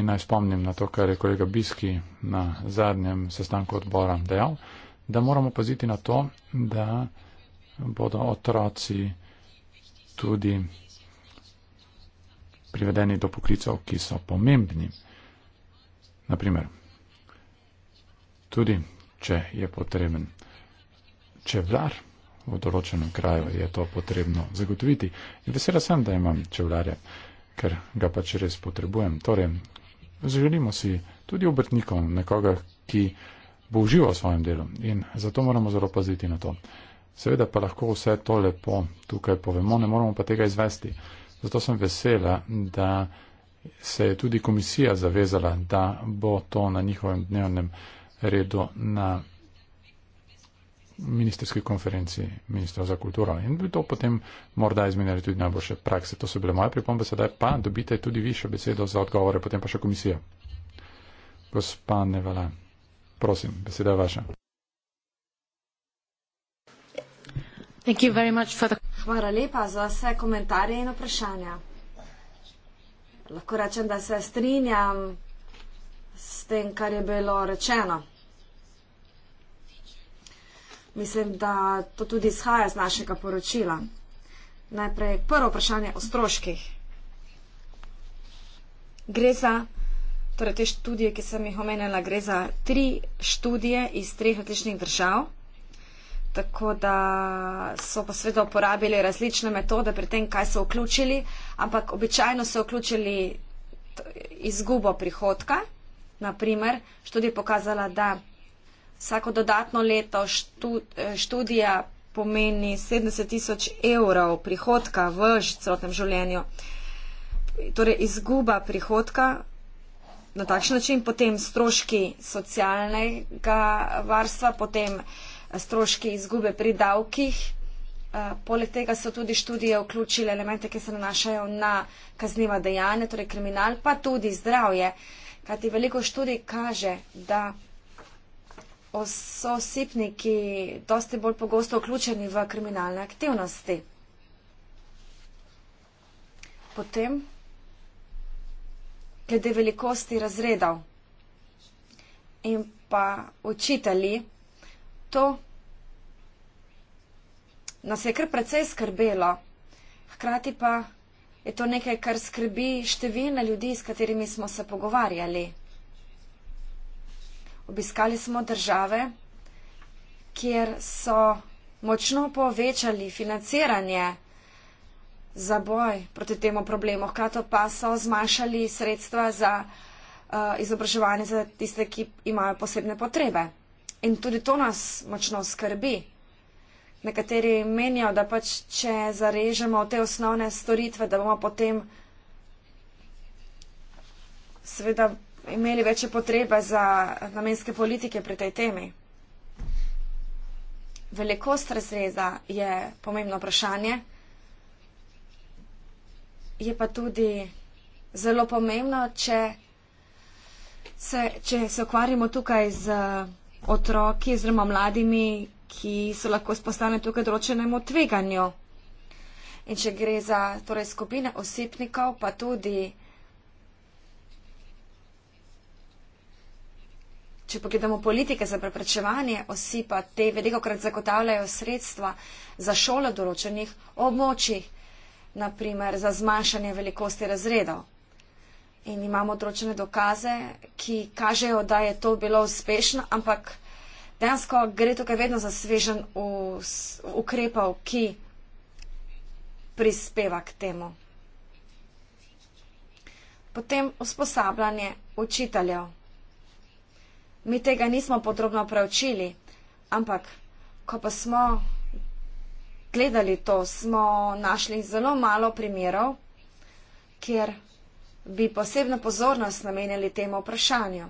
In naj spomnim na to, kar je kolega Biski na zadnjem sestanku odbora dejal, da moramo paziti na to, da bodo otroci tudi privedeni do poklicov, ki so pomembni. Naprimer, tudi če je potreben čevlar v določenem kraju, je to potrebno zagotoviti. In vesela sem, da imam čevlare, ker ga pač res potrebujem. Torej, želimo si tudi obrtnikom nekoga, ki bo užival v svojem delu in zato moramo zelo paziti na to. Seveda pa lahko vse to lepo tukaj povemo, ne moramo pa tega izvesti. Zato sem vesela, da se je tudi komisija zavezala, da bo to na njihovem dnevnem redu na ministerski konferenci ministra za kulturo in bi to potem morda izmenjali tudi najboljše prakse. To so bile moje pripombe, sedaj pa dobite tudi višjo besedo za odgovore, potem pa še komisija. Gospa Nevala, prosim, beseda je vaša. Thank you very much for the... Hvala lepa za vse komentarje in vprašanja. Lahko rečem, da se strinjam s tem, kar je bilo rečeno. Mislim, da to tudi izhaja z našega poročila. Najprej prvo vprašanje o stroških. Gre za, torej te študije, ki sem jih omenjala, gre za tri študije iz treh različnih držav. Tako da so pa seveda uporabili različne metode pri tem, kaj so vključili, ampak običajno so vključili izgubo prihodka. Naprimer, študija je pokazala, da vsako dodatno leto študija pomeni 70 tisoč evrov prihodka v celotnem življenju. Torej, izguba prihodka na takšen način, potem stroški socialnega varstva, potem. Uh, stroški izgube pri davkih. Eh, poleg tega so tudi študije vključile elemente, ki se nanašajo na kazniva dejanja, torej kriminal, pa tudi zdravje. Kajti veliko študij kaže, da so sipniki dosti bolj pogosto vključeni v kriminalne aktivnosti. Potem, glede velikosti razredov in pa učitelji, to nas je kar precej skrbelo. Hkrati pa je to nekaj, kar skrbi številne ljudi, s katerimi smo se pogovarjali. Obiskali smo države, kjer so močno povečali financiranje za boj proti temu problemu, hkrati pa so zmanjšali sredstva za uh, izobraževanje za tiste, ki imajo posebne potrebe. In tudi to nas močno skrbi. Nekateri menijo, da pač, če zarežemo te osnovne storitve, da bomo potem seveda imeli večje potrebe za namenske politike pri tej temi. Velikost razreza je pomembno vprašanje. Je pa tudi zelo pomembno, če se, če se ukvarjamo tukaj z otroki oziroma mladimi, ki so lahko spostane tukaj določenemu tveganju. In če gre za torej, skupine osipnikov, pa tudi, če pogledamo politike za preprečevanje osipa, te veliko krat zagotavljajo sredstva za šolo določenih območjih, naprimer za zmanjšanje velikosti razredov in imamo določene dokaze, ki kažejo, da je to bilo uspešno, ampak dejansko gre tukaj vedno za svežen ukrepov, ki prispeva k temu. Potem usposabljanje učiteljev. Mi tega nismo podrobno preučili, ampak ko pa smo gledali to, smo našli zelo malo primerov, kjer bi posebno pozornost namenjali temu vprašanju,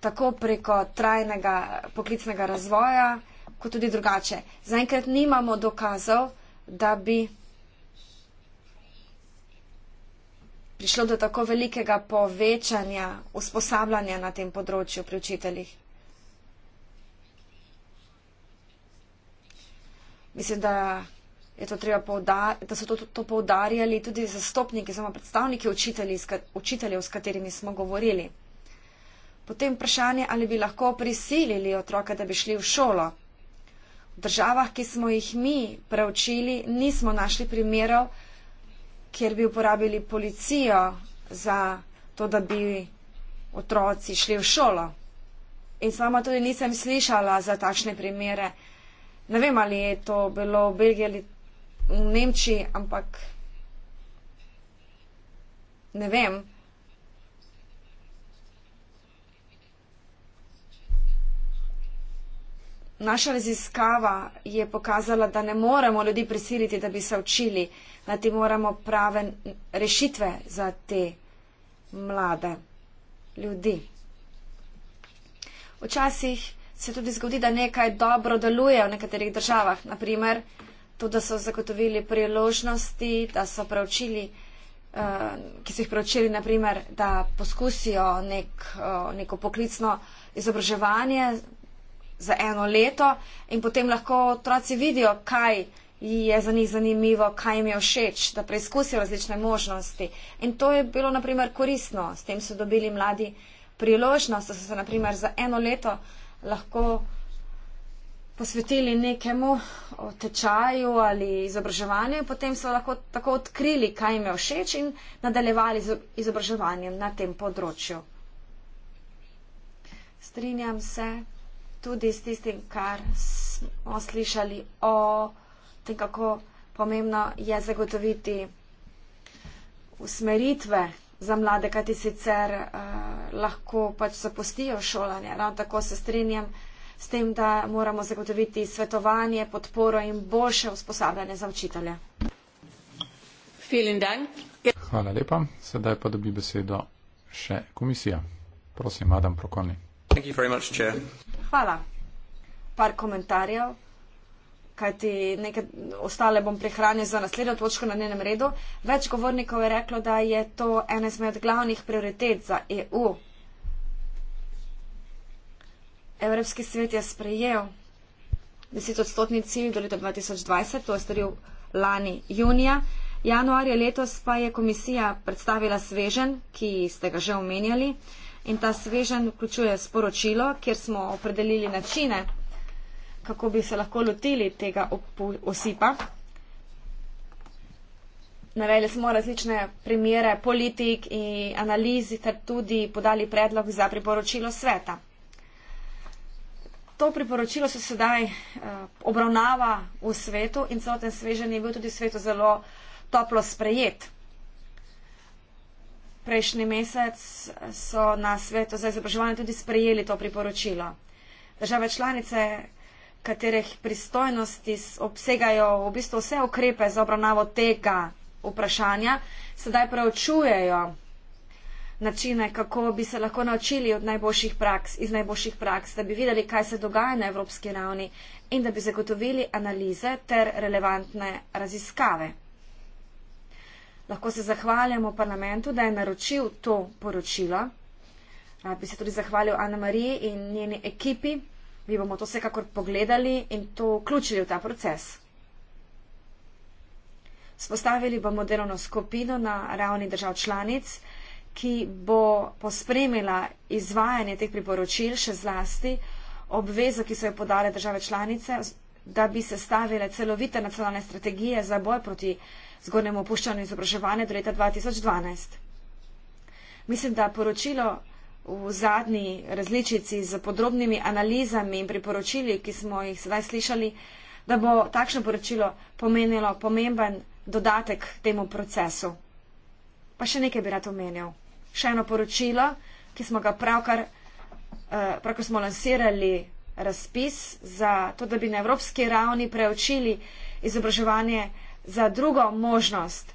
tako preko trajnega poklicnega razvoja, kot tudi drugače. Zaenkrat nimamo dokazov, da bi prišlo do tako velikega povečanja usposabljanja na tem področju pri učiteljih. Mislim, da je to treba poudariti, da so to, to poudarjali tudi zastopniki, oziroma predstavniki učitelji, učiteljev, s katerimi smo govorili. Potem vprašanje, ali bi lahko prisilili otroka, da bi šli v šolo. V državah, ki smo jih mi preučili, nismo našli primerov, kjer bi uporabili policijo za to, da bi otroci šli v šolo. In sama tudi nisem slišala za takšne primere. Ne vem, ali je to bilo v Belgiji ali v Nemčiji, ampak ne vem. Naša raziskava je pokazala, da ne moremo ljudi prisiliti, da bi se učili, da ti moramo prave rešitve za te mlade ljudi. Včasih se tudi zgodi, da nekaj dobro deluje v nekaterih državah, naprimer to, da so zagotovili priložnosti, da so preučili, uh, ki so jih preučili, naprimer, da poskusijo nek, uh, neko poklicno izobraževanje za eno leto in potem lahko otroci vidijo, kaj je za njih zanimivo, kaj jim je všeč, da preizkusijo različne možnosti. In to je bilo, naprimer, koristno. S tem so dobili mladi priložnost, da so se, naprimer, za eno leto lahko posvetili nekemu tečaju ali izobraževanju, potem so lahko tako odkrili, kaj jim je všeč in nadaljevali z izobraževanjem na tem področju. Strinjam se tudi s tistim, kar smo slišali o tem, kako pomembno je zagotoviti usmeritve za mlade, kajti sicer eh, lahko pač zapustijo šolanje. Ravno tako se strinjam s tem, da moramo zagotoviti svetovanje, podporo in boljše usposabljanje za učitelje. Hvala lepa. Sedaj pa dobi besedo še komisija. Prosim, Adam Prokoni. Hvala. Par komentarjev, kajti nekaj ostale bom prihranil za naslednjo točko na njenem redu. Več govornikov je reklo, da je to ena izmed glavnih prioritet za EU Evropski svet je sprejel 10 odstotni cilj do leta 2020, to je storil lani junija. Januarja letos pa je komisija predstavila svežen, ki ste ga že omenjali. In ta svežen vključuje sporočilo, kjer smo opredelili načine, kako bi se lahko lotili tega osipa. Navedli smo različne primere politik in analizi ter tudi podali predlog za priporočilo sveta to priporočilo se sedaj uh, obravnava v svetu in celoten svežen je bil tudi v svetu zelo toplo sprejet. Prejšnji mesec so na svetu za izobraževanje tudi sprejeli to priporočilo. Države članice, katerih pristojnosti obsegajo v bistvu vse ukrepe za obravnavo tega vprašanja, sedaj preučujejo načine, kako bi se lahko naučili od najboljših praks, iz najboljših praks, da bi videli, kaj se dogaja na evropski ravni in da bi zagotovili analize ter relevantne raziskave. Lahko se zahvaljamo parlamentu, da je naročil to poročilo. Rad bi se tudi zahvalil Ana Mariji in njeni ekipi. Mi bomo to vsekakor pogledali in to vključili v ta proces. Spostavili bomo delovno skupino na ravni držav članic, ki bo pospremila izvajanje teh priporočil, še zlasti obvezo, ki so jo podale države članice, da bi se stavile celovite nacionalne strategije za boj proti zgornjemu opuščanju izobraževanja do leta 2012. Mislim, da poročilo v zadnji različici z podrobnimi analizami in priporočili, ki smo jih sedaj slišali, da bo takšno poročilo pomenilo pomemben dodatek temu procesu. Pa še nekaj bi rad omenil. Še eno poročilo, ki smo ga pravkar, eh, pravkar smo lansirali razpis za to, da bi na evropski ravni preučili izobraževanje za drugo možnost,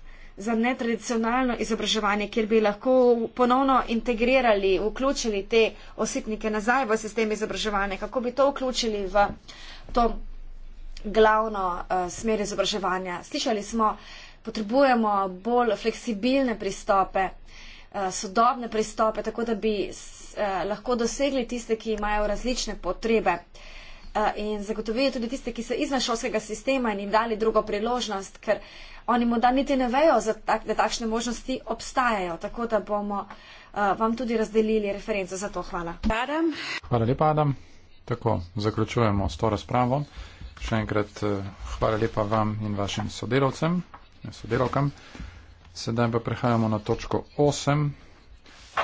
za netradicionalno izobraževanje, kjer bi lahko ponovno integrirali, vključili te osipnike nazaj v sistem izobraževanja, kako bi to vključili v to glavno uh, smer izobraževanja. Slišali smo uh, potrebujemo bolj fleksibilne pristope, eh, sodobne pristope, tako da bi eh, lahko dosegli tiste, ki imajo različne potrebe eh, in zagotovijo tudi tiste, ki so izven šolskega sistema in jim dali drugo priložnost, ker oni morda niti ne vejo, da takšne možnosti obstajajo. Tako da bomo vam tudi razdelili referenco za to. Hvala. Adam. Hvala lepa, Adam. Tako, zaključujemo s to razpravo. Še enkrat hvala lepa vam in vašim sodelovcem in sodelavkam. Sedaj pa prehajamo na točko 8,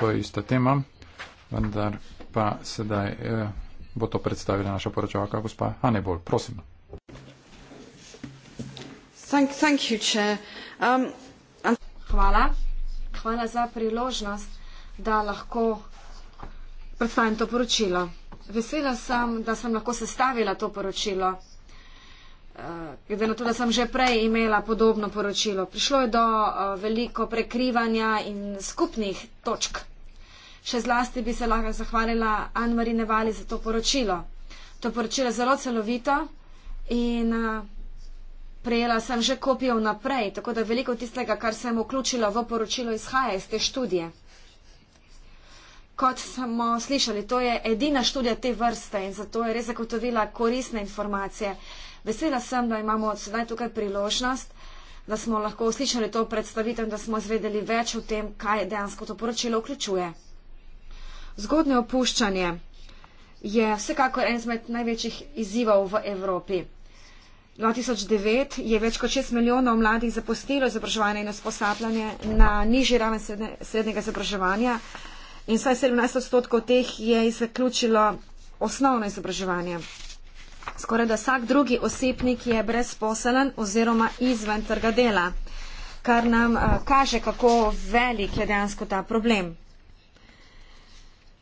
to je ista tema, vendar pa sedaj eh, bo to predstavila naša poročevalka, gospa Hanebol. Prosim. Thank, thank you, um, and... Hvala. Hvala za priložnost, da lahko predstavim to poročilo. Vesela sem, da sem lahko sestavila to poročilo. Eh, glede na to, da sem že prej imela podobno poročilo. Prišlo je do uh, veliko prekrivanja in skupnih točk. Še zlasti bi se lahko zahvalila Anmari Nevali za to poročilo. To poročilo je zelo celovito in uh, prejela sem že kopijo naprej, tako da veliko tistega, kar sem vključila v poročilo, izhaja iz te študije. Kot smo slišali, to je edina študija te vrste in zato je res zagotovila koristne informacije. Uh, Vesela sem, da imamo od sedaj tukaj priložnost, da smo lahko slišali to predstavitev in da smo izvedeli več o tem, kaj dejansko to poročilo vključuje. Zgodne opuščanje je vsekakor en izmed največjih izzivov v Evropi. 2009 je več kot 6 milijonov mladih zapustilo izobraževanje in usposabljanje na nižji raven srednjega izobraževanja in saj 17 odstotkov teh je izključilo osnovno izobraževanje. Skoraj da vsak drugi osebnik je brezposelen oziroma izven trga dela, kar nam eh, kaže, kako velik je dejansko ta problem.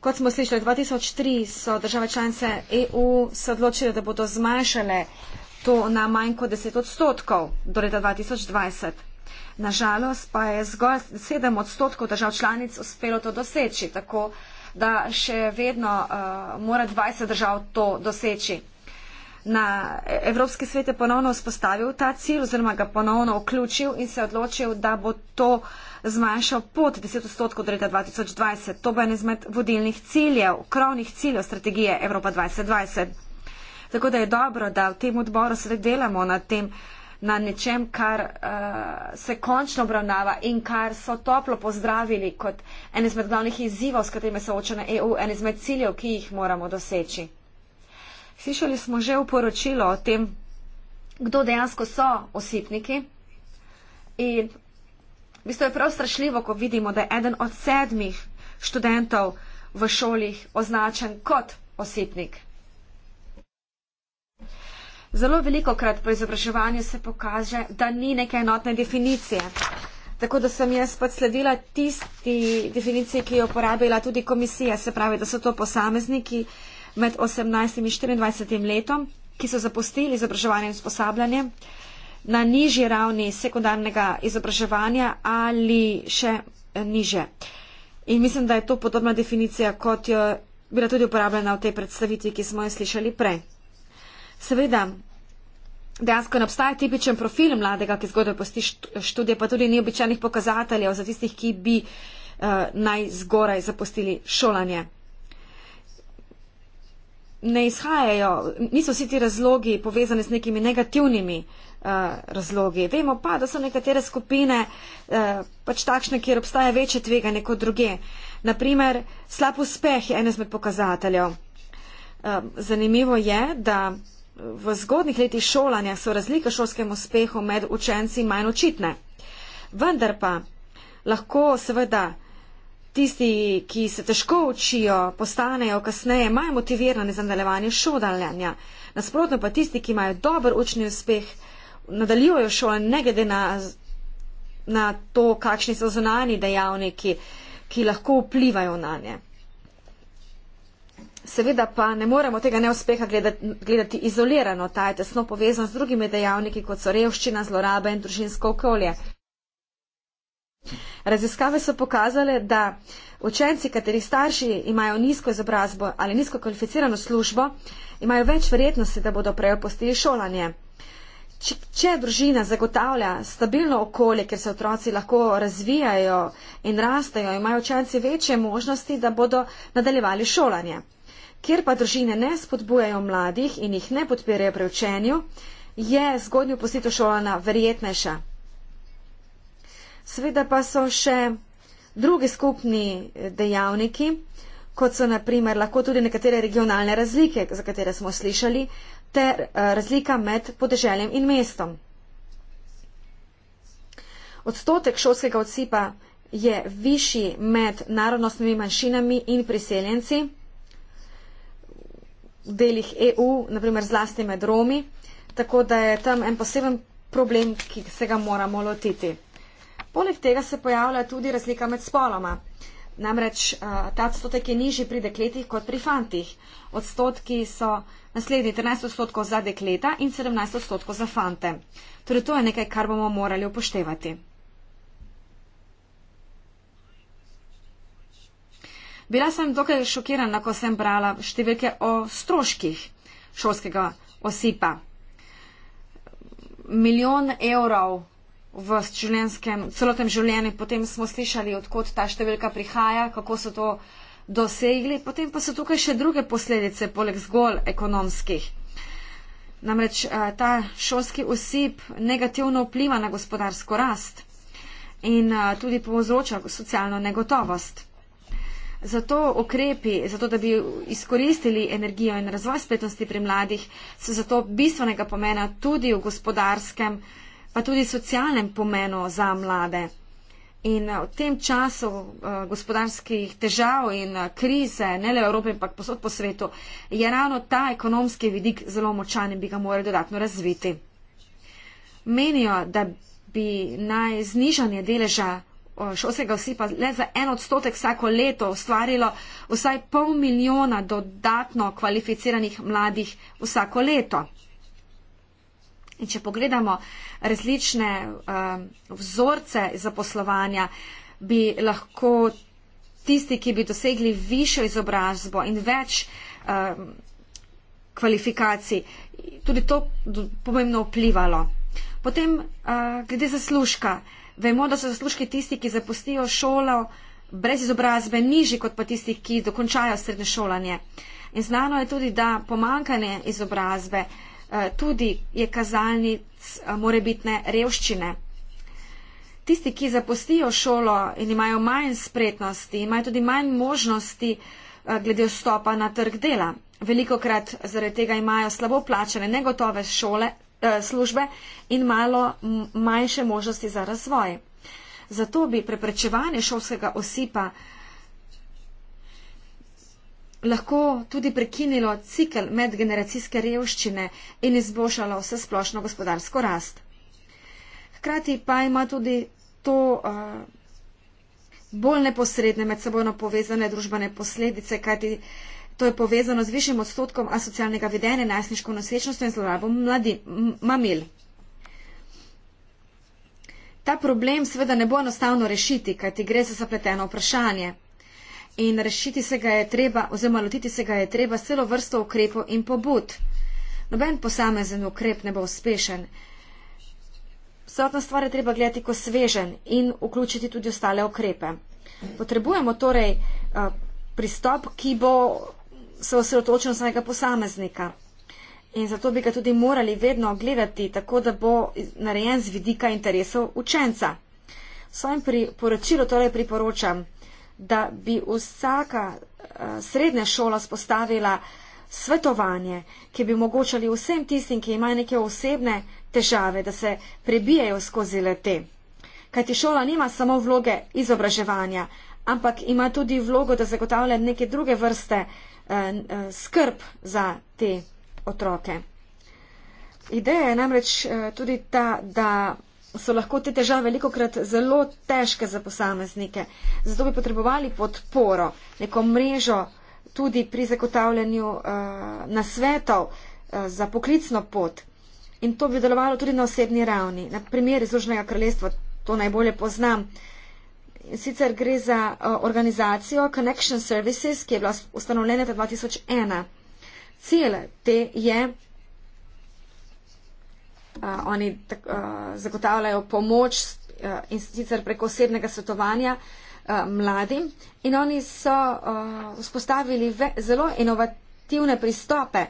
Kot smo slišali, 2003 so države članice EU se odločile, da bodo zmanjšale to na manj kot 10 odstotkov do leta 2020. Nažalost pa je zgolj 7 odstotkov držav članic uspelo to doseči, tako da še vedno uh, mora 20 držav to doseči na Evropski svet je ponovno vzpostavil ta cilj oziroma ga ponovno vključil in se odločil, da bo to zmanjšal pod 10 odstotkov do leta 2020. To bo en izmed vodilnih ciljev, krovnih ciljev strategije Evropa 2020. Tako da je dobro, da v tem odboru sedaj delamo na tem, na nečem, kar uh, se končno obravnava in kar so toplo pozdravili kot en izmed glavnih izzivov, s katerimi se očene EU, en izmed ciljev, ki jih moramo doseči. Slišali smo že v poročilo o tem, kdo dejansko so osipniki. In v bistvu je prav strašljivo, ko vidimo, da je eden od sedmih študentov v šolih označen kot osipnik. Zelo veliko krat po izobraževanju se pokaže, da ni neke enotne definicije. Tako da sem jaz pa sledila tisti definiciji, ki jo uporabila tudi komisija, se pravi, da so to posamezniki, med 18 in 24 letom, ki so zapustili izobraževanje in usposabljanje na nižji ravni sekundarnega izobraževanja ali še niže. In mislim, da je to podobna definicija, kot jo bila tudi uporabljena v tej predstavitvi, ki smo jo slišali prej. Seveda, dejansko ne obstaja tipičen profil mladega, ki zgodaj posti študije, pa tudi ni običajnih pokazateljev za tistih, ki bi eh, najzgoraj zapustili šolanje ne izhajajo, niso vsi ti razlogi povezani z nekimi negativnimi uh, razlogi. Vemo pa, da so nekatere skupine uh, pač takšne, kjer obstaja večje tveganje kot druge. Naprimer, slab uspeh je ene zmed pokazateljev. Um, zanimivo je, da v zgodnih letih šolanja so razlike v šolskem uspehu med učenci manj očitne. Vendar pa lahko seveda Tisti, ki se težko učijo, postanejo kasneje manj motivirani za nadaljevanje šolanja. Nasprotno pa tisti, ki imajo dober učni uspeh, nadaljujejo šolo ne glede na, na to, kakšni so zunani dejavniki, ki lahko vplivajo na nje. Seveda pa ne moremo tega neuspeha gledati, gledati izolirano, ta je tesno povezan z drugimi dejavniki, kot so revščina, zloraba in družinsko okolje. Raziskave so pokazale, da učenci, katerih starši imajo nizko izobrazbo ali nizko kvalificirano službo, imajo več verjetnosti, da bodo prej opustili šolanje. Če, če družina zagotavlja stabilno okolje, kjer se otroci lahko razvijajo in rastejo, imajo učenci večje možnosti, da bodo nadaljevali šolanje. Ker pa družine ne spodbujajo mladih in jih ne podpirajo pri učenju, je zgodnjo postitev šolana verjetnejša. Seveda pa so še drugi skupni dejavniki, kot so naprimer lahko tudi nekatere regionalne razlike, za katere smo slišali, ter eh, razlika med podeželjem in mestom. Odstotek šolskega odsipa je višji med narodnostnimi manjšinami in priseljenci v delih EU, naprimer zlasti med Romi, tako da je tam en poseben problem, ki se ga moramo lotiti. Poleg tega se pojavlja tudi razlika med spoloma. Namreč eh, ta odstotek je nižji pri dekletih kot pri fantih. Odstotki so naslednji 13 odstotkov za dekleta in 17 odstotkov za fante. Torej to je nekaj, kar bomo morali upoštevati. Bila sem dokaj šokirana, ko sem brala številke o stroških šolskega osipa. Milijon evrov v življenskem, celotnem življenju. Potem smo slišali, odkot ta številka prihaja, kako so to dosegli. Potem pa so tukaj še druge posledice, poleg zgolj ekonomskih. Namreč eh, ta šolski osip negativno vpliva na gospodarsko rast in eh, tudi povzroča socialno negotovost. Zato okrepi, zato da bi izkoristili energijo in razvoj spletnosti pri mladih, so zato bistvenega pomena tudi v gospodarskem pa tudi socialnem pomenu za mlade. In eh, v tem času eh, gospodarskih težav in eh, krize, ne le v Evropi, ampak posod po svetu, je ravno ta ekonomski vidik zelo močan in bi ga morali dodatno razviti. Menijo, da bi naj znižanje deleža šolskega osipa le za en odstotek vsako leto ustvarilo vsaj pol milijona dodatno kvalificiranih mladih vsako leto. In če pogledamo različne uh, vzorce zaposlovanja, bi lahko tisti, ki bi dosegli višjo izobrazbo in več um, kvalifikacij, tudi to pomembno vplivalo. Potem, uh, glede zaslužka, vemo, da so zaslužki tisti, ki zapustijo šolo brez izobrazbe nižji kot pa tisti, ki dokončajo srednje šolanje. In znano je tudi, da pomankanje izobrazbe uh, Eh, tudi je kazalnic eh, morebitne revščine. Tisti, ki zapustijo šolo in imajo manj spretnosti, imajo tudi manj možnosti eh, glede vstopa na trg dela. Veliko krat zaradi tega imajo slabo plačane, negotove šole, službe in malo manjše možnosti za razvoj. Zato bi preprečevanje šolskega osipa lahko tudi prekinilo cikl medgeneracijske revščine in izboljšalo vse splošno gospodarsko rast. Hkrati pa ima tudi to eh, bolj neposredne med sebojno povezane družbene posledice, kajti to je povezano z višjim odstotkom asocialnega vedenja, najsniško nosečnostjo in zlorabo mladi, mamil. Ta problem seveda ne bo enostavno rešiti, kajti gre za zapleteno vprašanje in rešiti se ga je treba, oziroma lotiti se ga je treba celo vrsto ukrepov in pobud. Noben posamezen ukrep ne bo uspešen. Vsotno stvar je treba gledati kot svežen in vključiti tudi ostale ukrepe. Potrebujemo torej eh, pristop, ki bo se osredotočil na samega posameznika. In zato bi ga tudi morali vedno gledati tako, da bo narejen z vidika interesov učenca. Svojem poročilu torej priporočam da bi vsaka eh, srednja šola spostavila svetovanje, ki bi omogočali vsem tistim, ki imajo neke osebne težave, da se prebijajo skozi lete. Kajti šola nima samo vloge izobraževanja, ampak ima tudi vlogo, da zagotavlja neke druge vrste eh, eh, skrb za te otroke. Ideja je namreč tudi ta, da so lahko te težave veliko krat zelo težke za posameznike. Zato bi potrebovali podporo, neko mrežo tudi pri zagotavljanju uh, nasvetov uh, za poklicno pot. In to bi delovalo tudi na osebni ravni. Na primer iz Užnega kraljestva to najbolje poznam. Sicer gre za uh, organizacijo Connection Services, ki je bila ustanovljena 2001. Cilj te je uh, oni tak, uh, zagotavljajo pomoč uh, in sicer preko osebnega svetovanja uh, mladim. In oni so uh, vzpostavili ve, zelo inovativne pristope.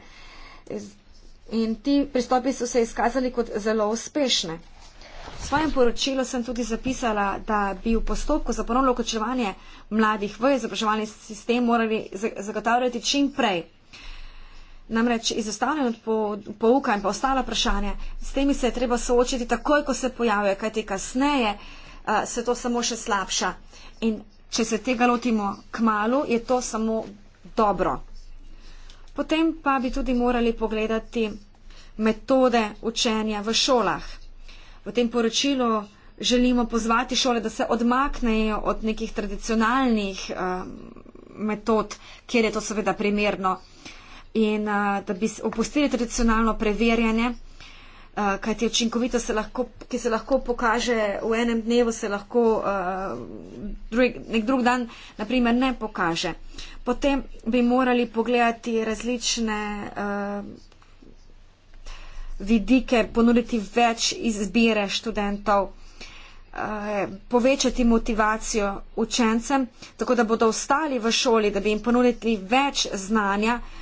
In ti pristopi so se izkazali kot zelo uspešne. V svojem poročilu sem tudi zapisala, da bi v postopku za ponovno vključevanje mladih v izobraževalni sistem morali zagotavljati čim prej Namreč izostavljen od pouka in pa ostala vprašanja, s temi se je treba soočiti takoj, ko se pojavijo, kajti kasneje uh, se to samo še slabša. In če se tega lotimo k malu, je to samo dobro. Potem pa bi tudi morali pogledati metode učenja v šolah. V tem poročilu želimo pozvati šole, da se odmaknejo od nekih tradicionalnih uh, metod, kjer je to seveda primerno. Uh, in uh, da bi opustili tradicionalno preverjanje, uh, kajti učinkovito se lahko, ki se lahko pokaže v enem dnevu, se lahko uh, drug, nek drug dan, naprimer, ne pokaže. Potem bi morali pogledati različne uh, vidike, ponuditi več izbire študentov. Povečati motivacijo učencem, tako da bodo ostali v šoli, da bi jim ponudili več znanja, uh,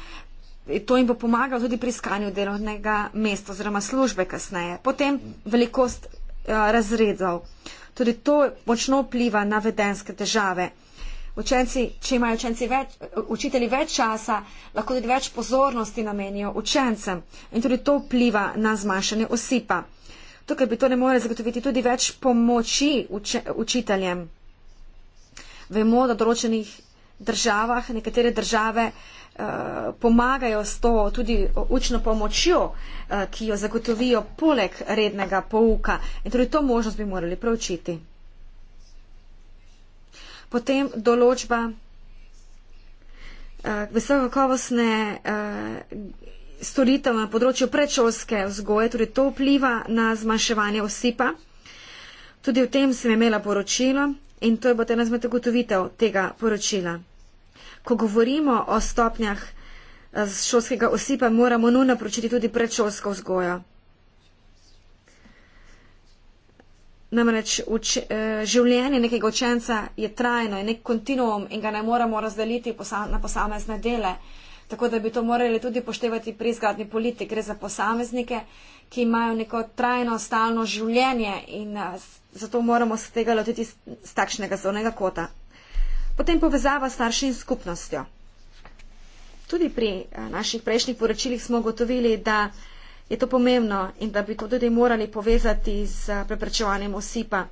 to jim bo pomagalo tudi pri iskanju delovnega mesta oziroma službe kasneje. Potem velikost eh, razredov. Tudi to močno vpliva na vedenske težave. Učenci, če imajo učenci več, učitelji več časa, lahko tudi več pozornosti namenijo učencem in tudi to vpliva na zmanjšanje osipa. Tukaj bi torej morali zagotoviti tudi več pomoči uče, učiteljem. Vemo, da v določenih državah, nekatere države uh, Eh, pomagajo s to tudi učno pomočjo, eh, ki jo zagotovijo poleg rednega pouka. In tudi torej to možnost bi morali preučiti. Potem določba uh, visoko kakovostne uh, storitev na področju predšolske vzgoje, tudi torej to vpliva na zmanjševanje osipa. Tudi o tem sem imela poročilo in to je potem razmet ugotovitev tega poročila ko govorimo o stopnjah eh, šolskega osipa, moramo nujno pročiti tudi predšolsko vzgojo. Namreč eh, življenje nekega učenca je trajno, je nek kontinuum in ga ne moramo razdeliti na posamezne dele. Tako da bi to morali tudi poštevati pri zgradni politiki. Gre za posameznike, ki imajo neko trajno, stalno življenje in eh, zato moramo se tega lotiti z takšnega zornega kota. Potem povezava s staršim skupnostjo. Tudi pri eh, naših prejšnjih poročilih smo gotovili, da je to pomembno in da bi to tudi morali povezati z eh, preprečevanjem osipa.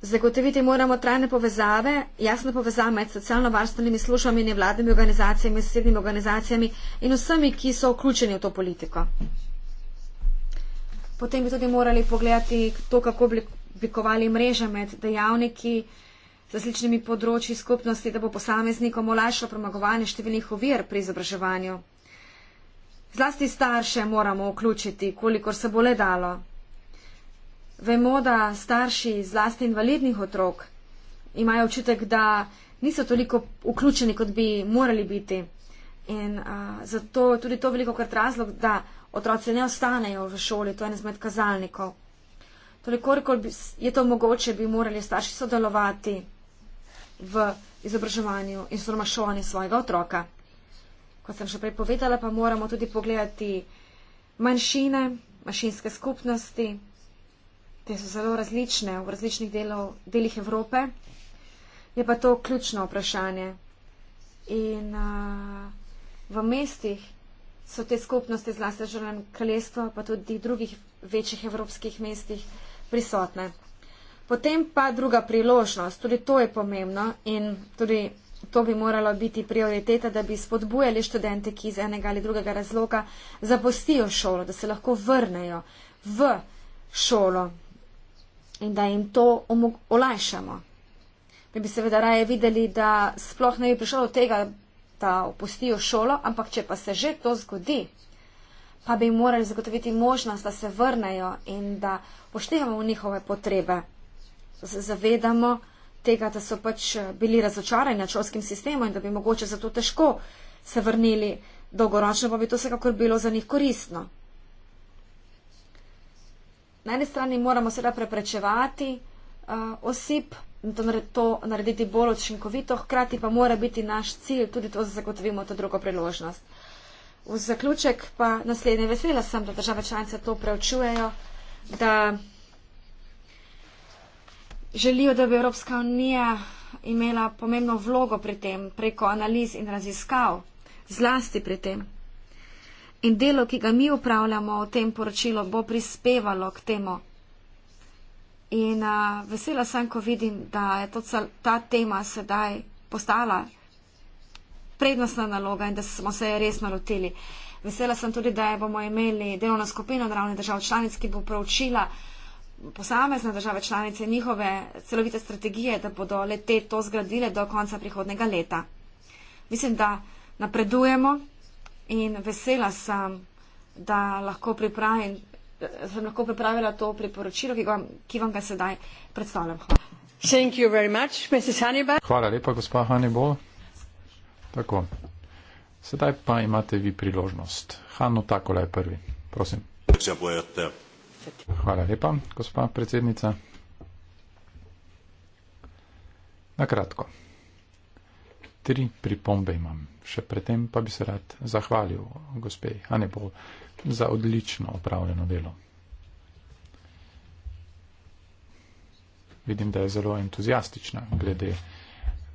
Zagotoviti moramo trajne povezave, jasne povezave med socialno-varstvenimi službami, nevladnimi organizacijami, srednjimi organizacijami in vsemi, ki so vključeni v to politiko. Potem bi tudi morali pogledati to, kako oblikovali mreže med dejavniki z različnimi področji skupnosti, da bo posameznikom olajšalo premagovanje številnih ovir pri izobraževanju. Zlasti starše moramo vključiti, kolikor se bo le dalo. Vemo, da starši zlasti invalidnih otrok imajo občutek, da niso toliko vključeni, kot bi morali biti. In a, zato tudi to veliko krat razlog, da otroci ne ostanejo v šoli, to je en izmed kazalnikov. Torej, kolikor je to mogoče, bi morali starši sodelovati v izobraževanju in sromašovanju svojega otroka. Kot sem še prej povedala, pa moramo tudi pogledati manjšine, manjšinske skupnosti. Te so zelo različne v različnih delov, delih Evrope. Je pa to ključno vprašanje. In a, v mestih so te skupnosti, zlasti v Žrnem kraljestvu, pa tudi v drugih večjih evropskih mestih, prisotne. Potem pa druga priložnost, tudi to je pomembno in tudi to bi moralo biti prioriteta, da bi spodbujali študente, ki iz enega ali drugega razloga zapustijo šolo, da se lahko vrnejo v šolo in da jim to olajšamo. Mi bi seveda raje videli, da sploh ne bi prišlo do tega, da opustijo šolo, ampak če pa se že to zgodi, pa bi morali zagotoviti možnost, da se vrnejo in da poštevamo njihove potrebe. Zavedamo tega, da so pač eh, bili razočarani nad šolskim sistemom in da bi mogoče zato težko se vrnili dolgoročno, pa bi to vsekakor bilo za njih koristno. Na eni strani moramo seveda preprečevati uh, osip, to, to narediti bolj učinkovito, hkrati pa mora biti naš cilj tudi to, da zagotovimo to drugo priložnost. Uh, V zaključek pa naslednje vesela sem, da države članice to preučujejo, da želijo, da bi Evropska unija imela pomembno vlogo pri tem, preko analiz in raziskav, zlasti pri tem. In delo, ki ga mi upravljamo v tem poročilu, bo prispevalo k temu. In uh, vesela sem, ko vidim, da je to cel, ta tema sedaj postala prednostna naloga in da smo se resno lotili. Vesela sem tudi, da bomo imeli delovno skupino na ravni držav članic, ki bo preučila posamezne države članice in njihove celovite strategije, da bodo lete to zgradile do konca prihodnega leta. Mislim, da napredujemo in vesela sem, da lahko pripravim. Sem lahko pripravila to priporočilo, ki, ki vam ga sedaj predstavljam. Hvala, Hvala lepa, gospa Hannibal. Tako. Sedaj pa imate vi priložnost. Hanno Takola je prvi. Prosim. Hvala lepa, gospa predsednica. Nakratko. Tri pripombe imam. Še predtem pa bi se rad zahvalil gospe Hanebo za odlično opravljeno delo. Vidim, da je zelo entuzijastična glede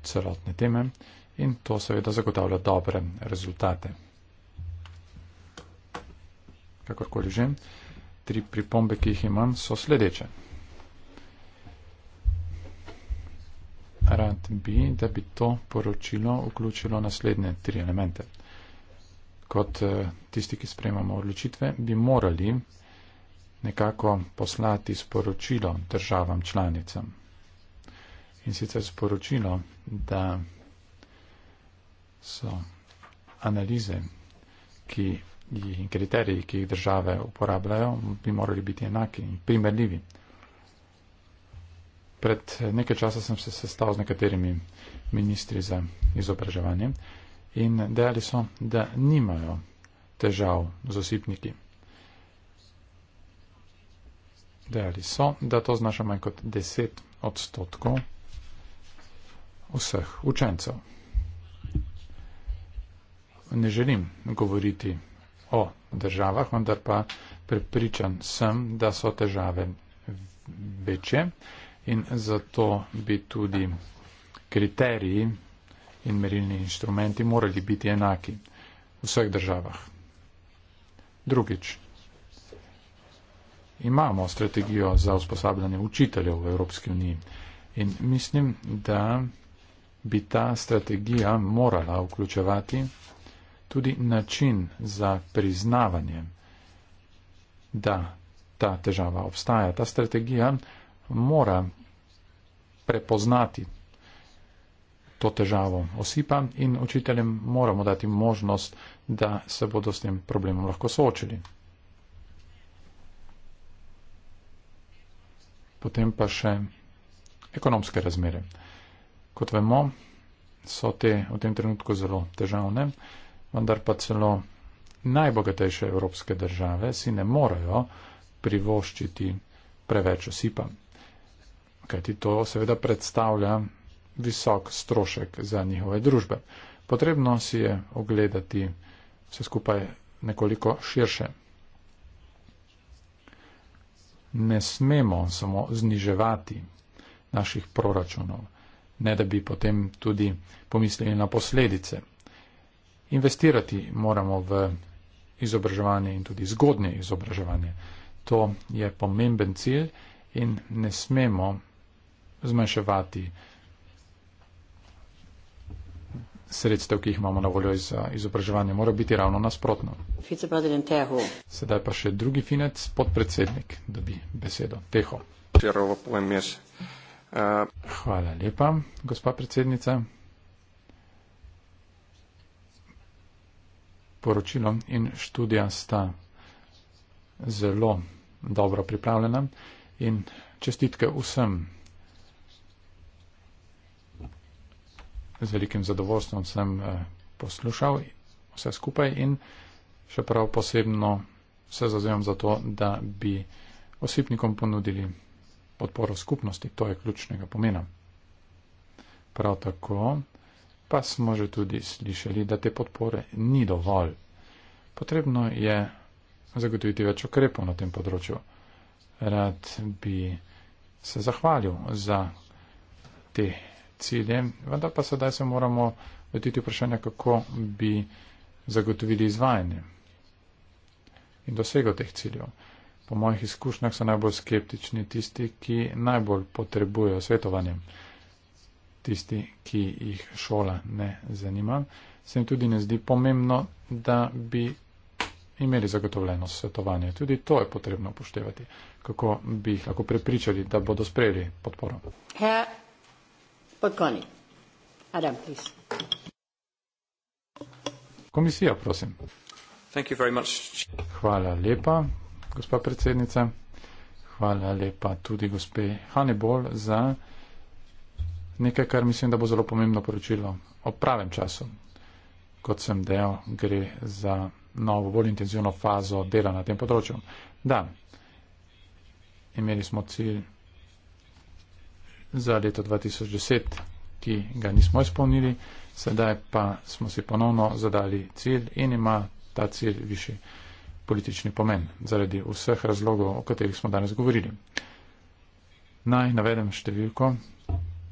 celotne teme in to seveda zagotavlja dobre rezultate. Kakorkoli že, tri pripombe, ki jih imam, so sledeče. Rad bi, da bi to poročilo vključilo naslednje tri elemente. Kot eh, tisti, ki sprejemamo odločitve, bi morali nekako poslati sporočilo državam članicam. In sicer sporočilo, da so analize, ki jih in kriteriji, ki jih države uporabljajo, bi morali biti enaki in primerljivi. Pred nekaj časa sem se sestal z nekaterimi ministri za izobraževanje in dejali so, da nimajo težav z osipniki. Dejali so, da to znaša manj kot 10 odstotkov vseh učencev ne želim govoriti o državah, vendar pa prepričan sem, da so težave večje in zato bi tudi kriteriji in merilni inštrumenti morali biti enaki v vseh državah. Drugič, imamo strategijo za usposabljanje učiteljev v Evropski uniji in mislim, da bi ta strategija morala vključevati tudi način za priznavanje, da ta težava obstaja. Ta strategija mora prepoznati to težavo osipa in učiteljem moramo dati možnost, da se bodo s tem problemom lahko soočili. Potem pa še ekonomske razmere. Kot vemo, so te v tem trenutku zelo težavne vendar pa celo najbogatejše evropske države si ne morejo privoščiti preveč osipa, kajti to seveda predstavlja visok strošek za njihove družbe. Potrebno si je ogledati vse skupaj nekoliko širše. Ne smemo samo zniževati naših proračunov, ne da bi potem tudi pomislili na posledice. Investirati moramo v izobraževanje in tudi zgodnje izobraževanje. To je pomemben cilj in ne smemo zmanjševati sredstev, ki jih imamo na voljo za izobraževanje. Mora biti ravno nasprotno. Sedaj pa še drugi finec, podpredsednik, da bi besedo. Teho. Hvala lepa, gospa predsednica. poročilo in študija sta zelo dobro pripravljena in čestitke vsem. Z velikim zadovoljstvom sem eh, poslušal vse skupaj in še prav posebno se zazemam za to, da bi osipnikom ponudili podporo skupnosti. To je ključnega pomena. Prav tako pa smo že tudi slišali, da te podpore ni dovolj. Potrebno je zagotoviti več okrepov na tem področju. Rad bi se zahvalil za te cilje, vendar pa sedaj se moramo vetiti vprašanje, kako bi zagotovili izvajanje in dosego teh ciljev. Po mojih izkušnjah so najbolj skeptični tisti, ki najbolj potrebujejo svetovanje tisti, ki jih šola ne zanima, se jim tudi ne zdi pomembno, da bi imeli zagotovljeno svetovanje. Tudi to je potrebno upoštevati, kako bi jih lahko prepričali, da bodo sprejeli podporo. Adam, Komisija, prosim. Hvala lepa, gospa predsednica. Hvala lepa tudi gospe Hannibal za nekaj, kar mislim, da bo zelo pomembno poročilo o pravem času. Kot sem dejal, gre za novo, bolj intenzivno fazo dela na tem področju. Da, imeli smo cilj za leto 2010, ki ga nismo izpolnili, sedaj pa smo si ponovno zadali cilj in ima ta cilj višji politični pomen zaradi vseh razlogov, o katerih smo danes govorili. Naj navedem številko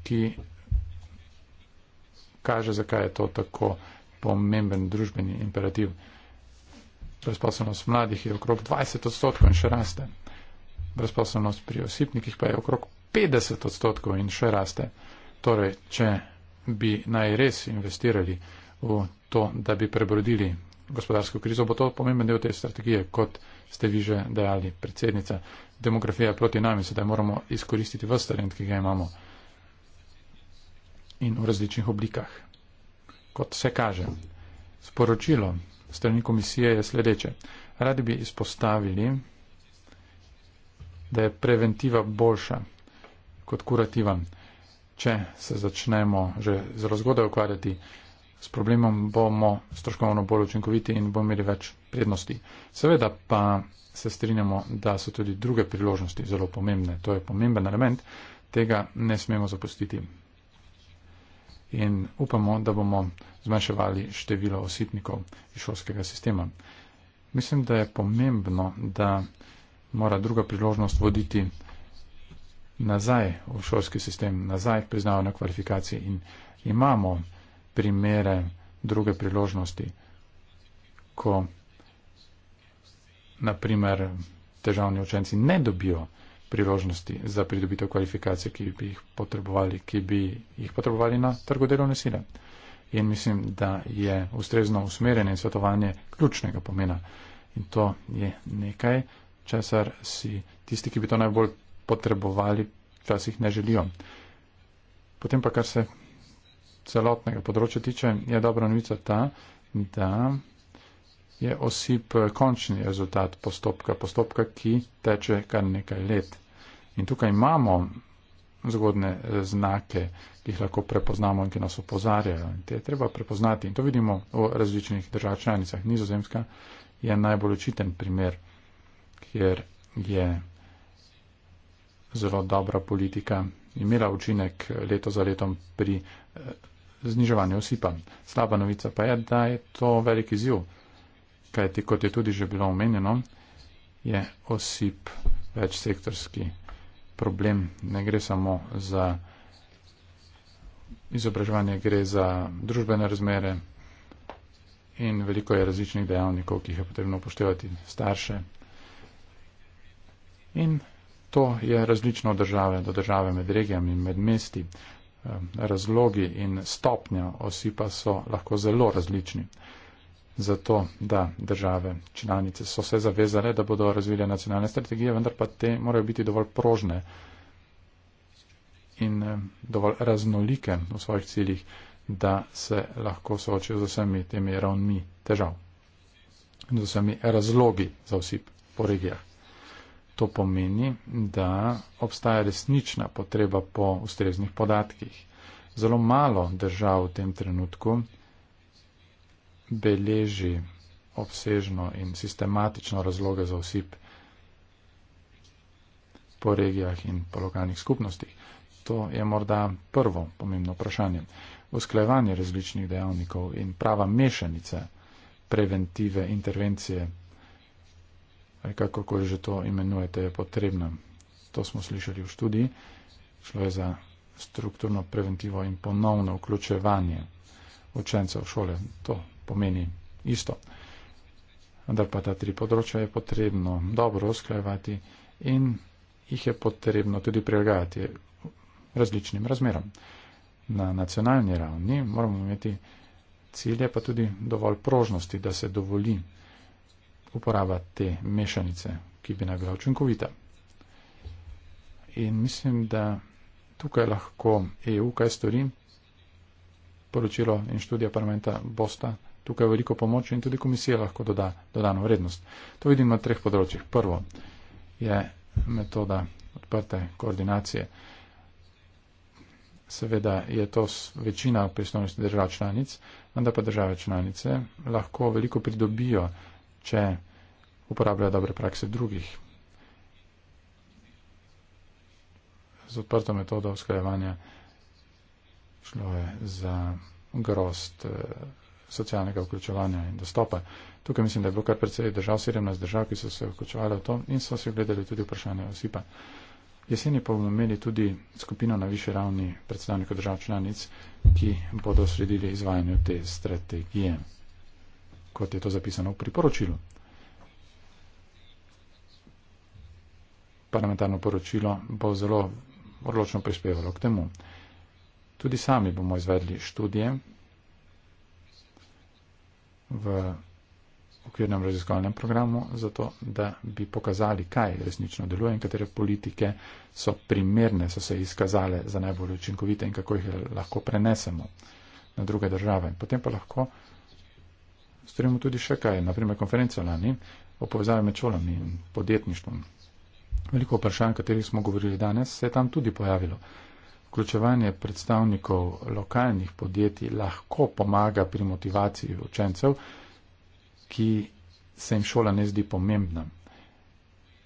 ki kaže, zakaj je to tako pomemben družbeni imperativ. Brezposobnost mladih je okrog 20 odstotkov in še raste. Brezposobnost pri osipnikih pa je okrog 50 odstotkov in še raste. Torej, če bi naj res investirali v to, da bi prebrodili gospodarsko krizo, bo to pomemben del te strategije, kot ste vi že dejali, predsednica. Demografija je proti nami, sedaj moramo izkoristiti vse talent, ki ga imamo in v različnih oblikah. Kot se kaže, sporočilo strani komisije je sledeče. Radi bi izpostavili, da je preventiva boljša kot kurativa. Če se začnemo že zelo zgodaj ukvarjati s problemom, bomo stroškovno bolj učinkoviti in bomo imeli več prednosti. Seveda pa se strinjamo, da so tudi druge priložnosti zelo pomembne. To je pomemben element, tega ne smemo zapustiti in upamo, da bomo zmanjševali število osipnikov iz šolskega sistema. Mislim, da je pomembno, da mora druga priložnost voditi nazaj v šolski sistem, nazaj k priznavanju kvalifikacij in imamo primere druge priložnosti, ko naprimer težavni učenci ne dobijo priložnosti za pridobitev kvalifikacij, ki bi jih potrebovali, ki bi jih potrebovali na trgu delovne sile. In mislim, da je ustrezno usmerjanje in svetovanje ključnega pomena. In to je nekaj, česar si tisti, ki bi to najbolj potrebovali, včasih ne želijo. Potem pa, kar se celotnega področja tiče, je dobra novica ta, da je osip končni rezultat postopka, postopka, ki teče kar nekaj let. In tukaj imamo zgodne eh, znake, ki jih lahko prepoznamo in ki nas opozarjajo. In te je treba prepoznati. In to vidimo v različnih držav članicah. Nizozemska je najbolj očiten primer, kjer je zelo dobra politika imela učinek eh, leto za letom pri eh, zniževanju osipa. Slaba novica pa je, da je to velik izziv, kajti kot je tudi že bilo omenjeno, je osip večsektorski problem, ne gre samo za izobraževanje, gre za družbene razmere in veliko je različnih dejavnikov, ki jih je potrebno upoštevati starše. In to je različno od države do države med regijami in med mesti. Ehm, razlogi in stopnja osipa so lahko zelo različni zato, da države članice so se zavezale, da bodo razvile nacionalne strategije, vendar pa te morajo biti dovolj prožne in eh, dovolj raznolike v svojih ciljih, da se lahko soočijo z vsemi temi ravnmi težav in z vsemi razlogi za vsi po regijah. To pomeni, da obstaja resnična potreba po ustreznih podatkih. Zelo malo držav v tem trenutku beleži obsežno in sistematično razloge za osip po regijah in po lokalnih skupnostih. To je morda prvo pomembno vprašanje. Usklajevanje različnih dejavnikov in prava mešanice preventive, intervencije, kakorkoli že to imenujete, je potrebna. To smo slišali v študiji. Šlo je za strukturno preventivo in ponovno vključevanje učencev v šole. To pomeni isto. Vendar pa ta tri področja je potrebno dobro usklajevati in jih je potrebno tudi prilagajati različnim razmeram. Na nacionalni ravni moramo imeti cilje, pa tudi dovolj prožnosti, da se dovoli uporaba te mešanice, ki bi naj bila učinkovita. In mislim, da tukaj lahko EU kaj stori. Poročilo in študija parlamenta Bosta tukaj veliko pomoč in tudi komisija lahko doda dodano vrednost. To vidim na treh področjih. Prvo je metoda odprte koordinacije. Seveda je to večina pristojnosti držav članic, vendar pa države članice lahko veliko pridobijo, če uporabljajo dobre prakse drugih. Z odprto metodo usklajevanja šlo je za grost. Eh, socialnega vključevanja in dostopa. Tukaj mislim, da je bilo kar precej držav, 17 držav, ki so se vključevali v to in so se gledali tudi vprašanje osipa. Jeseni pa bomo imeli tudi skupino na više ravni predstavnikov držav članic, ki bodo sledili izvajanju te strategije, kot je to zapisano v priporočilu. Parlamentarno poročilo bo zelo odločno prispevalo k temu. Tudi sami bomo izvedli študije, v okvirnem raziskovalnem programu, zato da bi pokazali, kaj resnično deluje in katere politike so primerne, so se izkazale za najbolj učinkovite in kako jih lahko prenesemo na druge države. Potem pa lahko storimo tudi še kaj, naprimer konferenco lani o povezavi med šolami in podjetništvom. Veliko vprašanj, o katerih smo govorili danes, se je tam tudi pojavilo. Vključevanje predstavnikov lokalnih podjetij lahko pomaga pri motivaciji učencev, ki se jim šola ne zdi pomembna.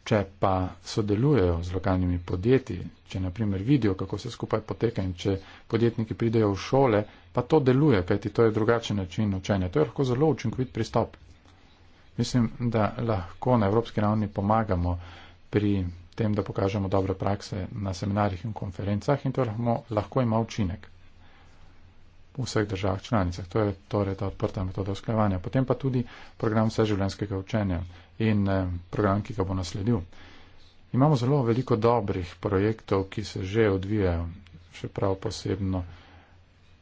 Če pa sodelujejo z lokalnimi podjetji, če naprimer vidijo, kako se skupaj poteka in če podjetniki pridejo v šole, pa to deluje, kajti to je drugačen način učenja. To je lahko zelo učinkovit pristop. Mislim, da lahko na evropski ravni pomagamo pri tem, da pokažemo dobre prakse na seminarjih in konferencah in to lahko, lahko ima učinek v vseh državah članicah. To je torej ta odprta metoda usklajevanja. Potem pa tudi program vseživljenjskega učenja in eh, program, ki ga bo nasledil. Imamo zelo veliko dobrih projektov, ki se že odvijajo, še prav posebno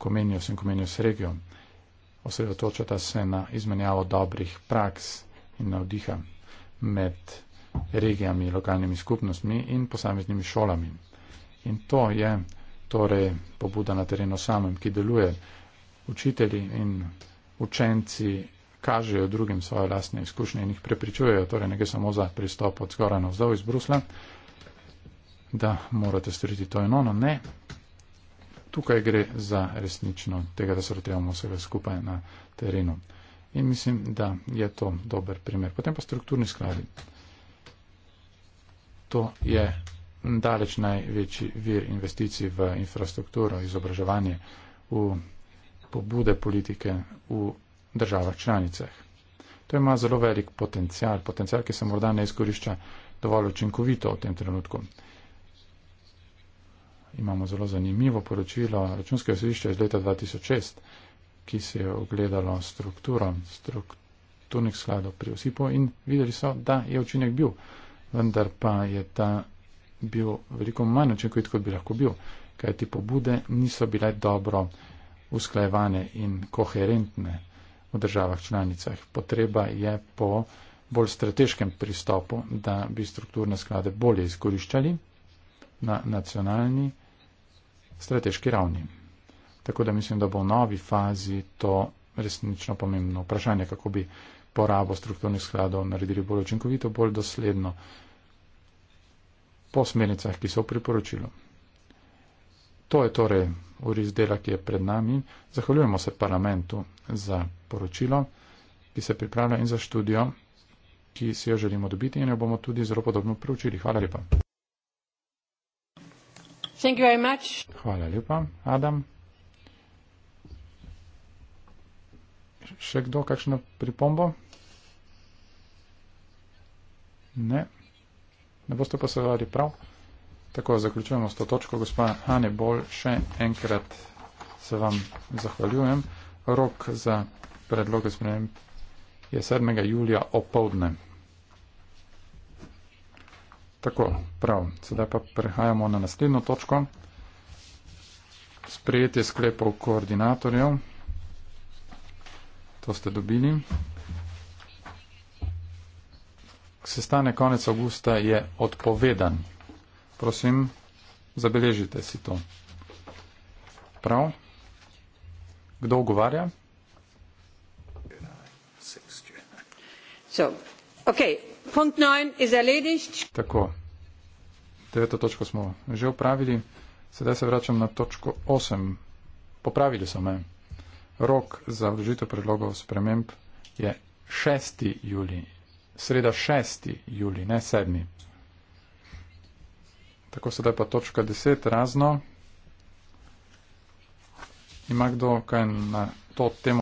Komenijos in Komenijos regijo. Osredotočata se na izmenjavo dobrih praks in navdiha med regijami, lokalnimi skupnostmi in posameznimi šolami. In to je torej pobuda na terenu samem, ki deluje. Učitelji in učenci kažejo drugim svoje lastne izkušnje in jih prepričujejo, torej ne gre samo za pristop od zgoraj navzdol iz Brusla, da morate storiti to in ono. Ne, tukaj gre za resnično tega, da sortevamo vsega skupaj na terenu. In mislim, da je to dober primer. Potem pa strukturni skladi to je daleč največji vir investicij v infrastrukturo, izobraževanje, v pobude politike v državah članicah. To ima zelo velik potencial, potencial, ki se morda ne izkorišča dovolj učinkovito v tem trenutku. Imamo zelo zanimivo poročilo računskega sodišča iz leta 2006, ki se je ogledalo strukturo strukturnih skladov pri Osipo in videli so, da je učinek bil vendar pa je ta bil veliko manj očekovit, kot bi lahko bil, kaj ti pobude niso bile dobro usklajevane in koherentne v državah članicah. Potreba je po bolj strateškem pristopu, da bi strukturne sklade bolje izkoriščali na nacionalni strateški ravni. Tako da mislim, da bo v novi fazi to resnično pomembno vprašanje, kako bi porabo strukturnih skladov naredili bolj učinkovito, bolj dosledno po smernicah, ki so v priporočilu. To je torej uriz dela, ki je pred nami. Zahvaljujemo se parlamentu za poročilo, ki se pripravlja in za študijo, ki si jo želimo dobiti in jo bomo tudi zelo podobno preučili. Hvala lepa. Hvala lepa, Adam. Še kdo, kakšno pripombo? Ne ne boste pa se vladi prav. Tako zaključujemo s to točko, gospa Hane Bol, še enkrat se vam zahvaljujem. Rok za predloge sprememb je 7. julija opovdne. Tako, prav. Sedaj pa prehajamo na naslednjo točko. Sprejetje sklepov koordinatorjev. To ste dobili sestanek konec avgusta je odpovedan. Prosim, zabeležite si to. Prav? Kdo ugovarja? So, okay. Punkt 9 je erledigt. Tako. Deveto točko smo že upravili. Sedaj se vračam na točko 8. Popravili so me. Rok za vložitev predlogov sprememb je 6. juli sreda 6. juli, ne 7. Tako sedaj pa točka 10 razno. Ima kdo kaj na to temo?